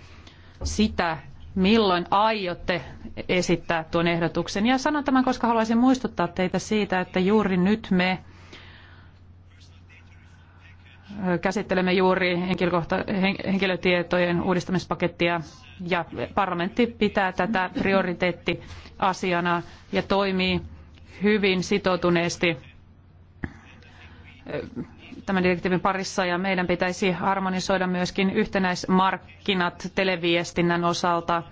sitä, milloin aiotte esittää tuon ehdotuksen? Ja sanon tämän, koska haluaisin muistuttaa teitä siitä, että juuri nyt me käsittelemme juuri henkilötietojen uudistamispakettia ja parlamentti pitää tätä prioriteettiasiana ja toimii hyvin sitoutuneesti tämän direktiivin parissa ja meidän pitäisi harmonisoida myöskin yhtenäismarkkinat televiestinnän osalta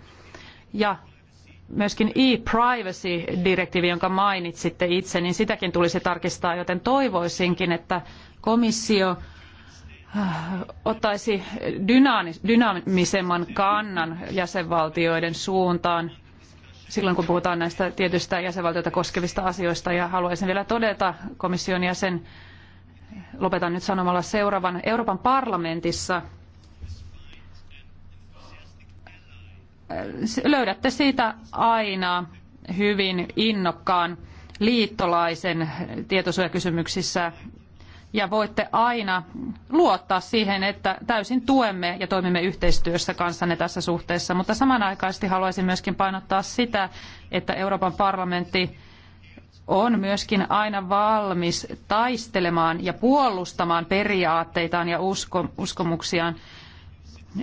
ja myöskin e-privacy-direktiivi, jonka mainitsitte itse, niin sitäkin tulisi tarkistaa, joten toivoisinkin, että komissio Ah, ottaisi dynaamisemman kannan jäsenvaltioiden suuntaan silloin, kun puhutaan näistä tietyistä jäsenvaltioita koskevista asioista. Ja haluaisin vielä todeta komission jäsen, lopetan nyt sanomalla seuraavan, Euroopan parlamentissa äh, löydätte siitä aina hyvin innokkaan liittolaisen tietosuojakysymyksissä ja voitte aina luottaa siihen, että täysin tuemme ja toimimme yhteistyössä kanssanne tässä suhteessa. Mutta samanaikaisesti haluaisin myöskin painottaa sitä, että Euroopan parlamentti on myöskin aina valmis taistelemaan ja puolustamaan periaatteitaan ja usko, uskomuksiaan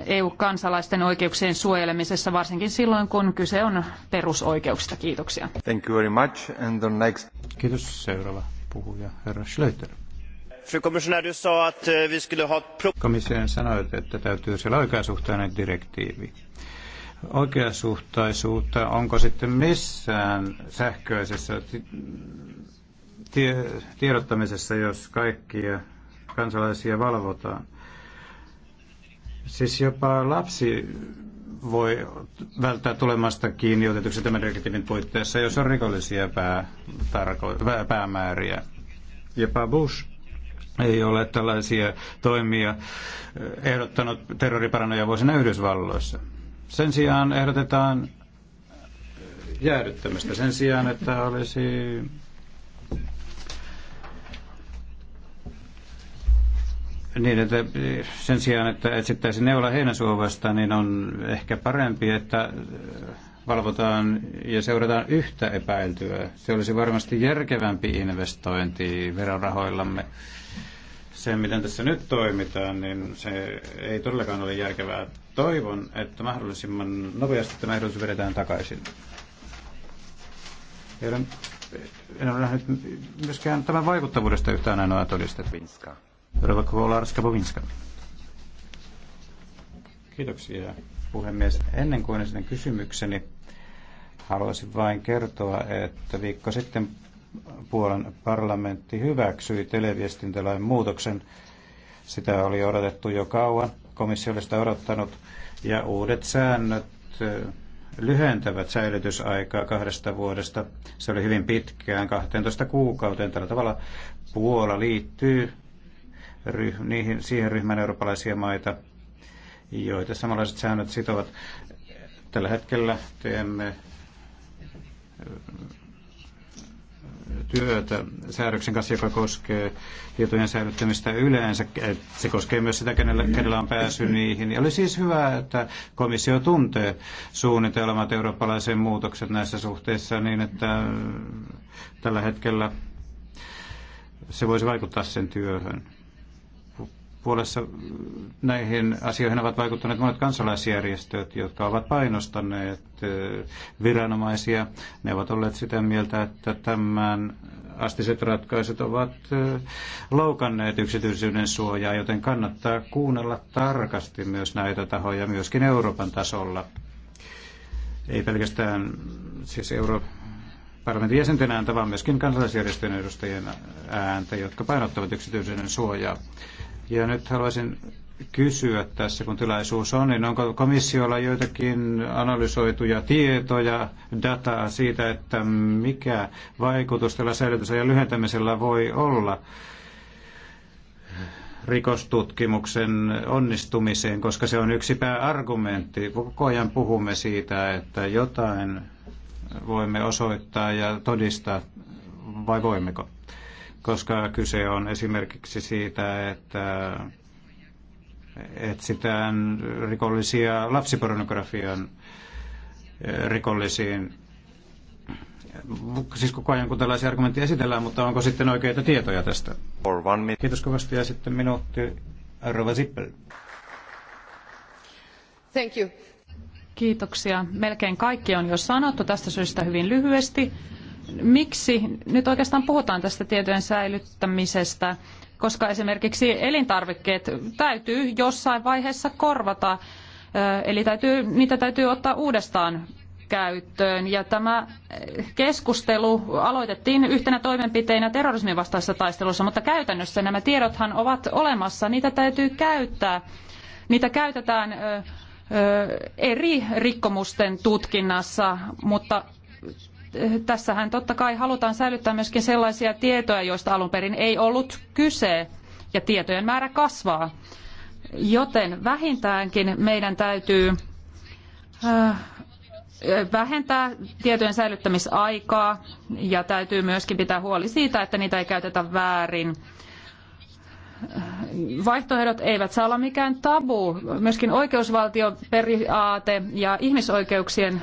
EU-kansalaisten oikeuksien suojelemisessa, varsinkin silloin, kun kyse on perusoikeuksista. Kiitoksia. Thank you very much. And the next... Kiitos. Seuraava puhuja, herra Schlöter. Fru kommissionär, sade att eh, vi skulle ha... sanoi, että täytyy siellä oikeasuhtainen direktiivi. Oikeasuhtaisuutta onko sitten missään sähköisessä tiedottamisessa, jos kaikkia kansalaisia valvotaan? Siis jopa lapsi voi välttää tulemasta kiinni otetuksi tämän direktiivin puitteissa, jos on rikollisia pää, tarko, pää, päämääriä. Jopa Bush ei ole tällaisia toimia eh, ehdottanut terroriparanoja vuosina Yhdysvalloissa. Sen sijaan ehdotetaan eh, jäädyttämistä sen sijaan, että olisi niin, että eh, sen sijaan, että etsittäisiin neula heinäsuovasta, niin on ehkä parempi, että valvotaan ja seurataan yhtä epäiltyä. Se olisi varmasti järkevämpi investointi verorahoillamme se, miten tässä nyt toimitaan, niin se ei todellakaan ole järkevää. Toivon, että mahdollisimman nopeasti tämä ehdotus vedetään takaisin. Ei en ole nähnyt myöskään tämän vaikuttavuudesta yhtään ainoa todistetta. Vinska. Kiitoksia puhemies. Ennen kuin esitän kysymykseni, haluaisin vain kertoa, että viikko sitten Puolan parlamentti hyväksyi televiestintälain muutoksen. Sitä oli odotettu jo kauan, komissio oli sitä odottanut, ja uudet säännöt lyhentävät säilytysaikaa kahdesta vuodesta. Se oli hyvin pitkään, 12 kuukauteen. Tällä tavalla Puola liittyy ryh- niihin, siihen ryhmään eurooppalaisia maita, joita samanlaiset säännöt sitovat. Tällä hetkellä teemme työtä säädöksen kanssa, joka koskee tietojen säilyttämistä yleensä. Se koskee myös sitä, kenellä, kenellä on pääsy niihin. Ja oli siis hyvä, että komissio tuntee suunnitelmat eurooppalaisen muutokset näissä suhteissa niin, että tällä hetkellä se voisi vaikuttaa sen työhön puolessa näihin asioihin ovat vaikuttaneet monet kansalaisjärjestöt, jotka ovat painostaneet viranomaisia. Ne ovat olleet sitä mieltä, että tämän astiset ratkaisut ovat loukanneet yksityisyyden suojaa, joten kannattaa kuunnella tarkasti myös näitä tahoja myöskin Euroopan tasolla. Ei pelkästään siis Euroopan parlamentin jäsenten ääntä, vaan myöskin kansalaisjärjestöjen edustajien ääntä, jotka painottavat yksityisyyden suojaa. Ja nyt haluaisin kysyä tässä, kun tilaisuus on, niin onko komissiolla joitakin analysoituja tietoja, dataa siitä, että mikä vaikutus tällä ja lyhentämisellä voi olla rikostutkimuksen onnistumiseen, koska se on yksi pääargumentti. Koko ajan puhumme siitä, että jotain voimme osoittaa ja todistaa, vai voimmeko? koska kyse on esimerkiksi siitä, että etsitään rikollisia lapsipornografian rikollisiin. Siis koko ajan kun tällaisia argumentteja esitellään, mutta onko sitten oikeita tietoja tästä? Kiitos kovasti ja sitten minuutti Rova Zippel. Thank you. Kiitoksia. Melkein kaikki on jo sanottu tästä syystä hyvin lyhyesti miksi nyt oikeastaan puhutaan tästä tietojen säilyttämisestä, koska esimerkiksi elintarvikkeet täytyy jossain vaiheessa korvata, eli täytyy, niitä täytyy ottaa uudestaan käyttöön. Ja tämä keskustelu aloitettiin yhtenä toimenpiteenä terrorismin vastaisessa taistelussa, mutta käytännössä nämä tiedothan ovat olemassa, niitä täytyy käyttää. Niitä käytetään eri rikkomusten tutkinnassa, mutta tässähän totta kai halutaan säilyttää myöskin sellaisia tietoja, joista alun perin ei ollut kyse, ja tietojen määrä kasvaa. Joten vähintäänkin meidän täytyy äh, vähentää tietojen säilyttämisaikaa ja täytyy myöskin pitää huoli siitä, että niitä ei käytetä väärin. Vaihtoehdot eivät saa olla mikään tabu. Myöskin oikeusvaltioperiaate ja ihmisoikeuksien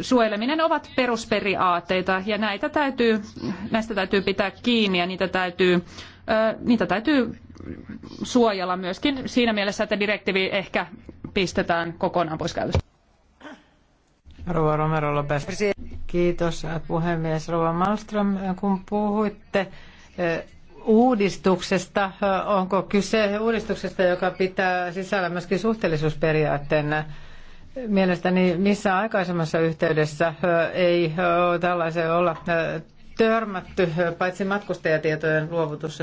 suojeleminen ovat perusperiaatteita ja näitä täytyy, näistä täytyy pitää kiinni ja niitä täytyy, niitä täytyy suojella myöskin siinä mielessä, että direktiivi ehkä pistetään kokonaan pois käytöstä. Rova Romero Lopes. Kiitos puhemies. Rova Malmström, kun puhuitte uudistuksesta, onko kyse uudistuksesta, joka pitää sisällä myöskin suhteellisuusperiaatteen Mielestäni missä aikaisemmassa yhteydessä ei tällaisen olla törmätty, paitsi matkustajatietojen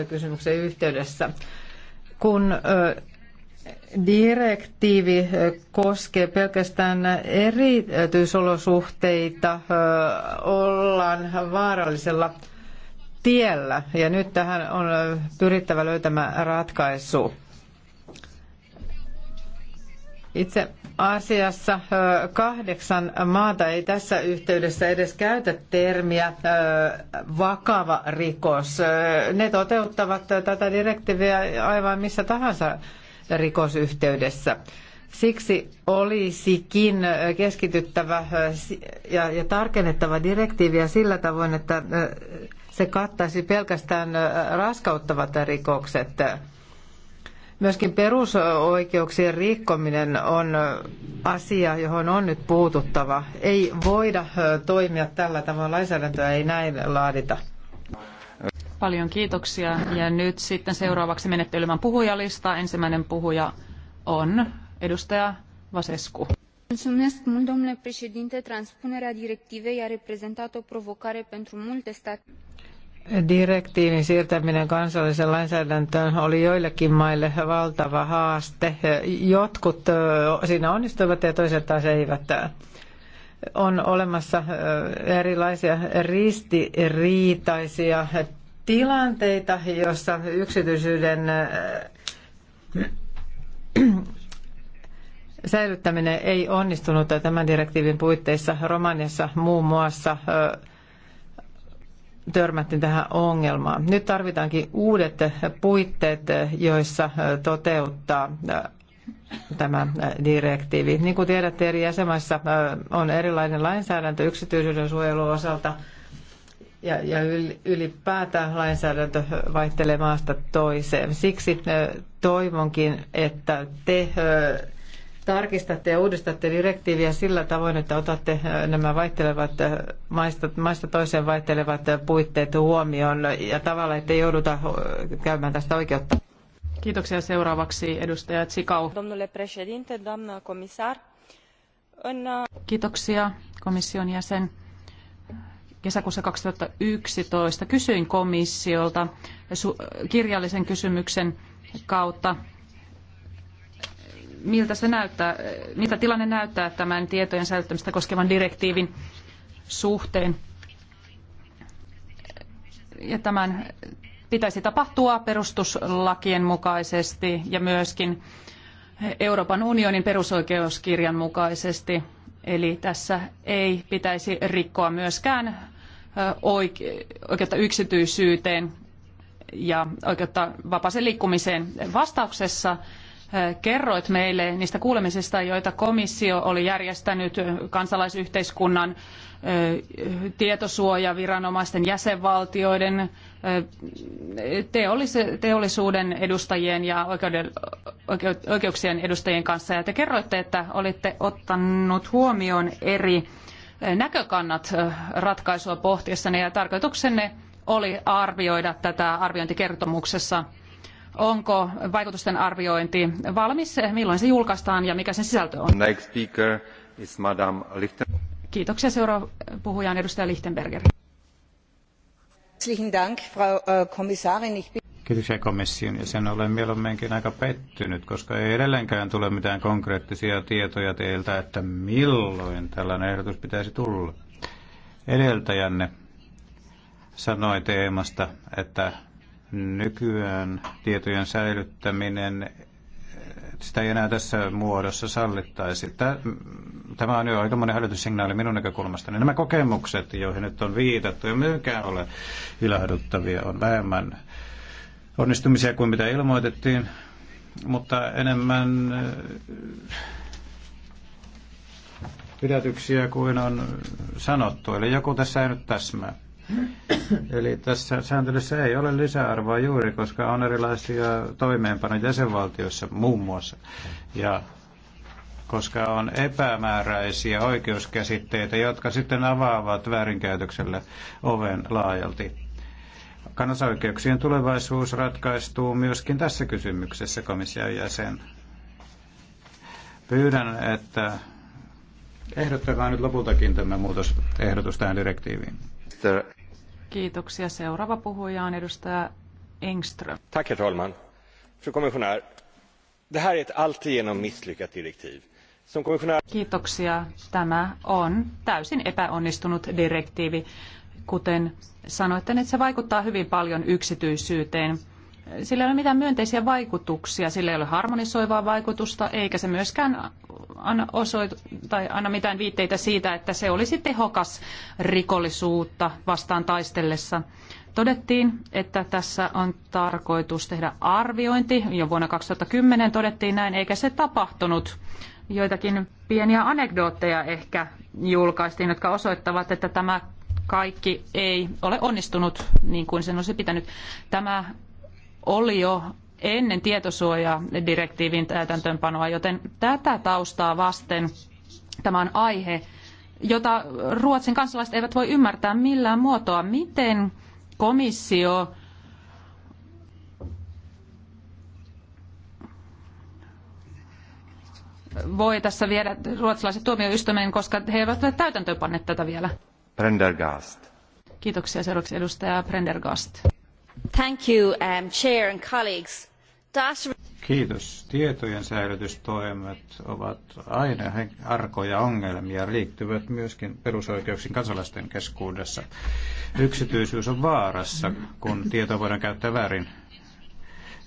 kysymyksen yhteydessä. Kun direktiivi koskee pelkästään erityisolosuhteita, ollaan vaarallisella tiellä ja nyt tähän on pyrittävä löytämään ratkaisu. Itse asiassa kahdeksan maata ei tässä yhteydessä edes käytä termiä vakava rikos. Ne toteuttavat tätä direktiiviä aivan missä tahansa rikosyhteydessä. Siksi olisikin keskityttävä ja, tarkennettava direktiiviä sillä tavoin, että se kattaisi pelkästään raskauttavat rikokset. Myöskin perusoikeuksien rikkominen on asia, johon on nyt puututtava. Ei voida toimia tällä tavalla, lainsäädäntöä ei näin laadita. Paljon kiitoksia. Ja nyt sitten seuraavaksi menettelymän puhujalista. Ensimmäinen puhuja on edustaja Vasescu. Mulțumesc mult, domnule președinte. Transpunerea directivei a reprezentat o provocare pentru multe state. Direktiivin siirtäminen kansalliseen lainsäädäntöön oli joillekin maille valtava haaste. Jotkut siinä onnistuivat ja toiset taas eivät. On olemassa erilaisia ristiriitaisia tilanteita, joissa yksityisyyden säilyttäminen ei onnistunut tämän direktiivin puitteissa. Romaniassa muun muassa törmättiin tähän ongelmaan. Nyt tarvitaankin uudet puitteet, joissa toteuttaa äh, tämä äh, direktiivi. Niin kuin tiedätte, eri jäsenmaissa äh, on erilainen lainsäädäntö yksityisyyden suojelun osalta ja, ja ylipäätään lainsäädäntö vaihtelee maasta toiseen. Siksi toivonkin, että te tarkistatte ja uudistatte direktiiviä sillä tavoin, että otatte äh, nämä vaihtelevat äh, maista, maista toiseen vaihtelevat äh, puitteet huomioon ja tavalla, että jouduta käymään tästä oikeutta? Kiitoksia seuraavaksi edustaja Tsikau. Domnule comisar. Uh, Kiitoksia komission jäsen. Kesäkuussa 2011 kysyin komissiolta kirjallisen kysymyksen kautta miltä, se näyttää, mitä tilanne näyttää tämän tietojen säilyttämistä koskevan direktiivin suhteen. Ja tämän pitäisi tapahtua perustuslakien mukaisesti ja myöskin Euroopan unionin perusoikeuskirjan mukaisesti. Eli tässä ei pitäisi rikkoa myöskään oikeutta yksityisyyteen ja oikeutta vapaaseen liikkumiseen. Vastauksessa kerroit meille niistä kuulemisista, joita komissio oli järjestänyt kansalaisyhteiskunnan tietosuojaviranomaisten jäsenvaltioiden teollisuuden edustajien ja oikeuksien edustajien kanssa. Ja te kerroitte, että olitte ottanut huomioon eri näkökannat ratkaisua pohtiessanne ja tarkoituksenne oli arvioida tätä arviointikertomuksessa – Onko vaikutusten arviointi valmis? Milloin se julkaistaan ja mikä sen sisältö on? Next speaker is Madame Lichten... Kiitoksia. Seuraava puhuja edustaja Lichtenberger. Äh, Kiitoksia komission ja sen olen mieluumminkin aika pettynyt, koska ei edelleenkään tule mitään konkreettisia tietoja teiltä, että milloin tällainen ehdotus pitäisi tulla. Edeltäjänne sanoi teemasta, että Nykyään tietojen säilyttäminen, sitä ei enää tässä muodossa sallittaisi. Tämä on jo aika monen hälytyssignaali minun näkökulmastani. Nämä kokemukset, joihin nyt on viitattu, ja myykään ole ilahduttavia, on vähemmän onnistumisia kuin mitä ilmoitettiin, mutta enemmän äh, pidätyksiä kuin on sanottu. Eli joku tässä ei nyt täsmää. Eli tässä sääntelyssä ei ole lisäarvoa juuri, koska on erilaisia toimeenpanoja jäsenvaltioissa muun muassa. Ja koska on epämääräisiä oikeuskäsitteitä, jotka sitten avaavat väärinkäytökselle oven laajalti. Kansaoikeuksien tulevaisuus ratkaistuu myöskin tässä kysymyksessä komission jäsen. Pyydän, että ehdottakaa nyt lopultakin tämä muutosehdotus tähän direktiiviin. Kiitoksia. Seuraava puhuja on edustaja Engström. Tack herr talman. Fru kommissionär, det här är ett alltigenom misslyckat direktiv. Som kommissionär... Kiitoksia. Tämä on täysin epäonnistunut direktiivi. Kuten sanoitte, että niin se vaikuttaa hyvin paljon yksityisyyteen sillä ei ole mitään myönteisiä vaikutuksia, sillä ei ole harmonisoivaa vaikutusta, eikä se myöskään anna, osoitu, tai anna mitään viitteitä siitä, että se olisi tehokas rikollisuutta vastaan taistellessa. Todettiin, että tässä on tarkoitus tehdä arviointi. Jo vuonna 2010 todettiin näin, eikä se tapahtunut. Joitakin pieniä anekdootteja ehkä julkaistiin, jotka osoittavat, että tämä kaikki ei ole onnistunut niin kuin sen olisi pitänyt. Tämä oli jo ennen tietosuojadirektiivin täytäntöönpanoa, joten tätä taustaa vasten tämä on aihe, jota Ruotsin kansalaiset eivät voi ymmärtää millään muotoa. Miten komissio voi tässä viedä ruotsalaiset tuomioistuimeen, koska he eivät ole täytäntöönpanneet tätä vielä. Prendergast. Kiitoksia seuraavaksi edustaja Prendergast. Um, Kiitos. Tietojen säilytystoimet ovat aina arkoja ongelmia liittyvät myöskin perusoikeuksiin kansalaisten keskuudessa. Yksityisyys on vaarassa, kun tietoa voidaan käyttää väärin.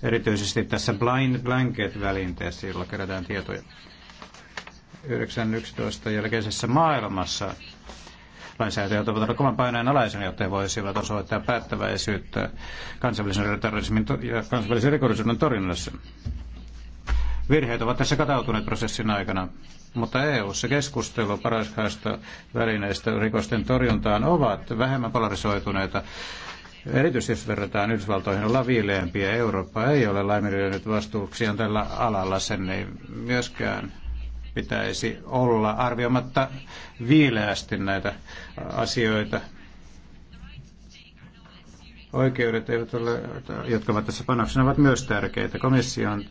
Erityisesti tässä blind blanket-välinteessä, jolla kerätään tietoja. 9.11 jälkeisessä maailmassa lainsäätäjät ovat olleet kovan paineen alaisen, jotta he voisivat osoittaa päättäväisyyttä kansainvälisen terrorismin ja kansainvälisen rikollisuuden torjunnassa. Virheet ovat tässä katautuneet prosessin aikana, mutta EU-ssa keskustelu parashaista välineistä rikosten torjuntaan ovat vähemmän polarisoituneita. Erityisesti jos verrataan Yhdysvaltoihin, ollaan viileämpiä. Eurooppa ei ole laiminlyönyt vastuuksiaan tällä alalla, sen ei myöskään pitäisi olla arvioimatta viileästi näitä asioita. Oikeudet, eivät ole, jotka ovat tässä panoksena, ovat myös tärkeitä. Komission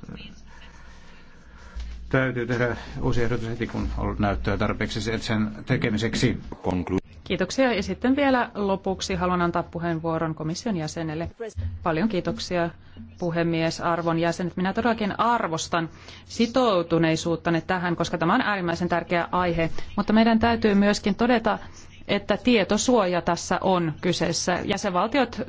täytyy tehdä uusi ehdotus heti, kun näyttöä tarpeeksi sen tekemiseksi. Konklu- Kiitoksia. Ja sitten vielä lopuksi haluan antaa puheenvuoron komission jäsenelle. Paljon kiitoksia puhemies, arvon jäsenet. Minä todellakin arvostan sitoutuneisuuttanne tähän, koska tämä on äärimmäisen tärkeä aihe. Mutta meidän täytyy myöskin todeta, että tietosuoja tässä on kyseessä. Jäsenvaltiot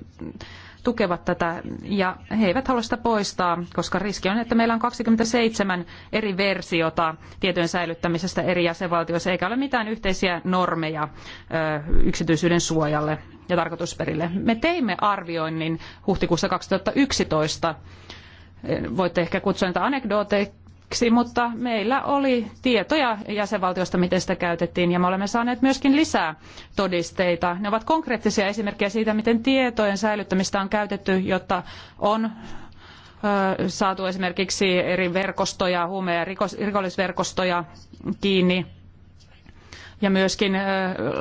tukevat tätä ja he eivät halua sitä poistaa, koska riski on, että meillä on 27 eri versiota tietojen säilyttämisestä eri jäsenvaltioissa eikä ole mitään yhteisiä normeja yksityisyyden suojalle ja tarkoitusperille. Me teimme arvioinnin huhtikuussa 2011 voitte ehkä kutsua niitä anekdooteiksi miksi, mutta meillä oli tietoja jäsenvaltiosta, miten sitä käytettiin, ja me olemme saaneet myöskin lisää todisteita. Ne ovat konkreettisia esimerkkejä siitä, miten tietojen säilyttämistä on käytetty, jotta on saatu esimerkiksi eri verkostoja, huume- ja rikollisverkostoja kiinni. Ja myöskin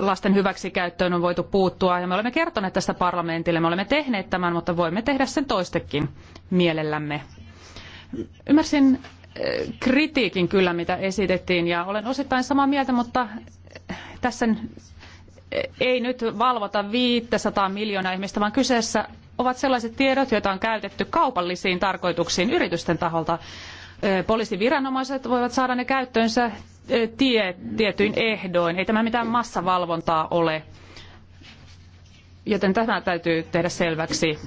lasten hyväksikäyttöön on voitu puuttua. Ja me olemme kertoneet tästä parlamentille. Me olemme tehneet tämän, mutta voimme tehdä sen toistekin mielellämme. Ymmärsin kritiikin kyllä, mitä esitettiin, ja olen osittain samaa mieltä, mutta eh, tässä eh, ei nyt valvota 500 miljoonaa ihmistä, vaan kyseessä ovat sellaiset tiedot, joita on käytetty kaupallisiin tarkoituksiin yritysten taholta. Eh, poliisiviranomaiset voivat saada ne käyttöönsä tie, tietyin ehdoin. Ei tämä mitään massavalvontaa ole, joten tämä täytyy tehdä selväksi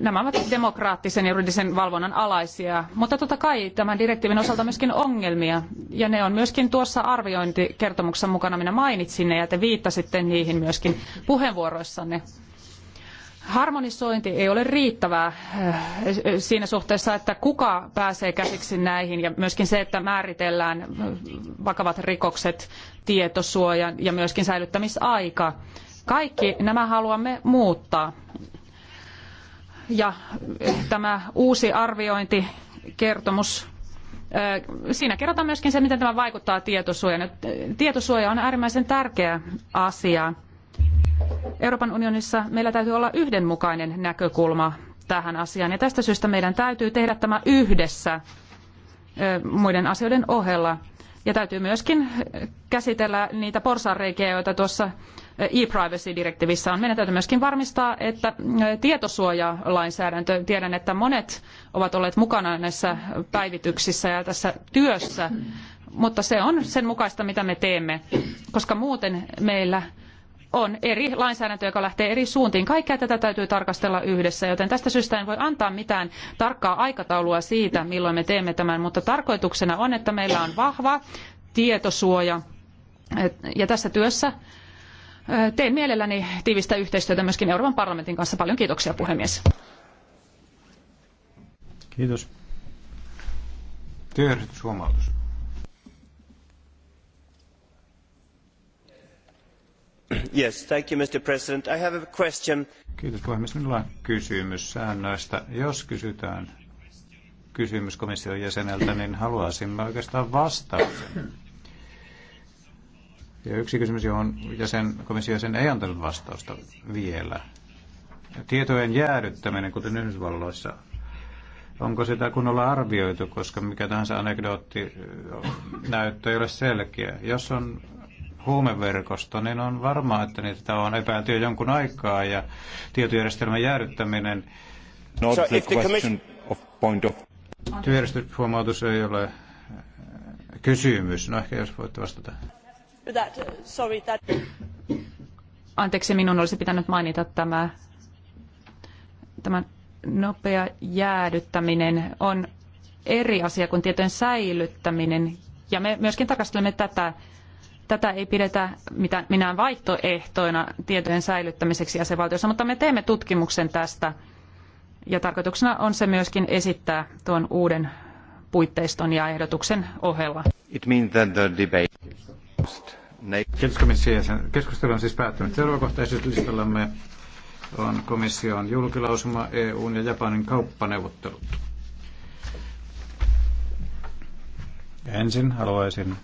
nämä ovat demokraattisen ja juridisen valvonnan alaisia, mutta totta kai tämän direktiivin osalta myöskin ongelmia, ja ne on myöskin tuossa arviointikertomuksessa mukana, minä mainitsin ne, ja te viittasitte niihin myöskin puheenvuoroissanne. Harmonisointi ei ole riittävää eh, siinä suhteessa, että kuka pääsee käsiksi näihin ja myöskin se, että määritellään eh, vakavat rikokset, tietosuojan ja myöskin säilyttämisaika. Kaikki nämä haluamme muuttaa ja eh, tämä uusi arviointikertomus eh, Siinä kerrotaan myöskin se, miten tämä vaikuttaa tietosuojaan. Eh, tietosuoja on äärimmäisen tärkeä asia. Euroopan unionissa meillä täytyy olla yhdenmukainen näkökulma tähän asiaan. Ja tästä syystä meidän täytyy tehdä tämä yhdessä muiden asioiden ohella. Ja täytyy myöskin käsitellä niitä porsanreikiä, joita tuossa e-privacy-direktiivissä on. Meidän täytyy myöskin varmistaa, että tietosuojalainsäädäntö, tiedän, että monet ovat olleet mukana näissä päivityksissä ja tässä työssä, mutta se on sen mukaista, mitä me teemme, koska muuten meillä on eri lainsäädäntö, joka lähtee eri suuntiin. Kaikkea tätä täytyy tarkastella yhdessä, joten tästä syystä en voi antaa mitään tarkkaa aikataulua siitä, milloin me teemme tämän, mutta tarkoituksena on, että meillä on vahva tietosuoja. Ja tässä työssä Teen mielelläni tiivistä yhteistyötä myöskin Euroopan parlamentin kanssa. Paljon kiitoksia puhemies. Kiitos. Työjärjestyshuomautus. Yes, thank you, Mr. President. I have a question. Kiitos puhemies. Minulla on kysymys säännöistä. Jos kysytään kysymys komission jäseneltä, niin haluaisin oikeastaan vastauksen ja yksi kysymys, johon jäsen, komissio sen ei antanut vastausta vielä. Tietojen jäädyttäminen, kuten Yhdysvalloissa, onko sitä kunnolla arvioitu, koska mikä tahansa anekdootti näyttö ei ole selkeä. Jos on huumeverkosto, niin on varmaa, että niitä on epäilty jo jonkun aikaa ja tietojärjestelmän jäädyttäminen Not so the question of point of... Työjärjestyshuomautus ei ole kysymys. No ehkä jos voitte vastata that, uh, sorry, that... Anteeksi, minun olisi pitänyt mainita tämä, tämä nopea jäädyttäminen on eri asia kuin tietojen säilyttäminen. Ja me myöskin tarkastelemme tätä. Tätä ei pidetä mitään, minään vaihtoehtoina tietojen säilyttämiseksi jäsenvaltiossa, mutta me teemme tutkimuksen tästä. Ja tarkoituksena on se myöskin esittää tuon uuden puitteiston ja ehdotuksen ohella. It means that the debate Siis- keskustelu on siis päättynyt. Seuraava kohta esityslistallamme on komission julkilausuma EUn ja Japanin kauppaneuvottelut. Ensin haluaisin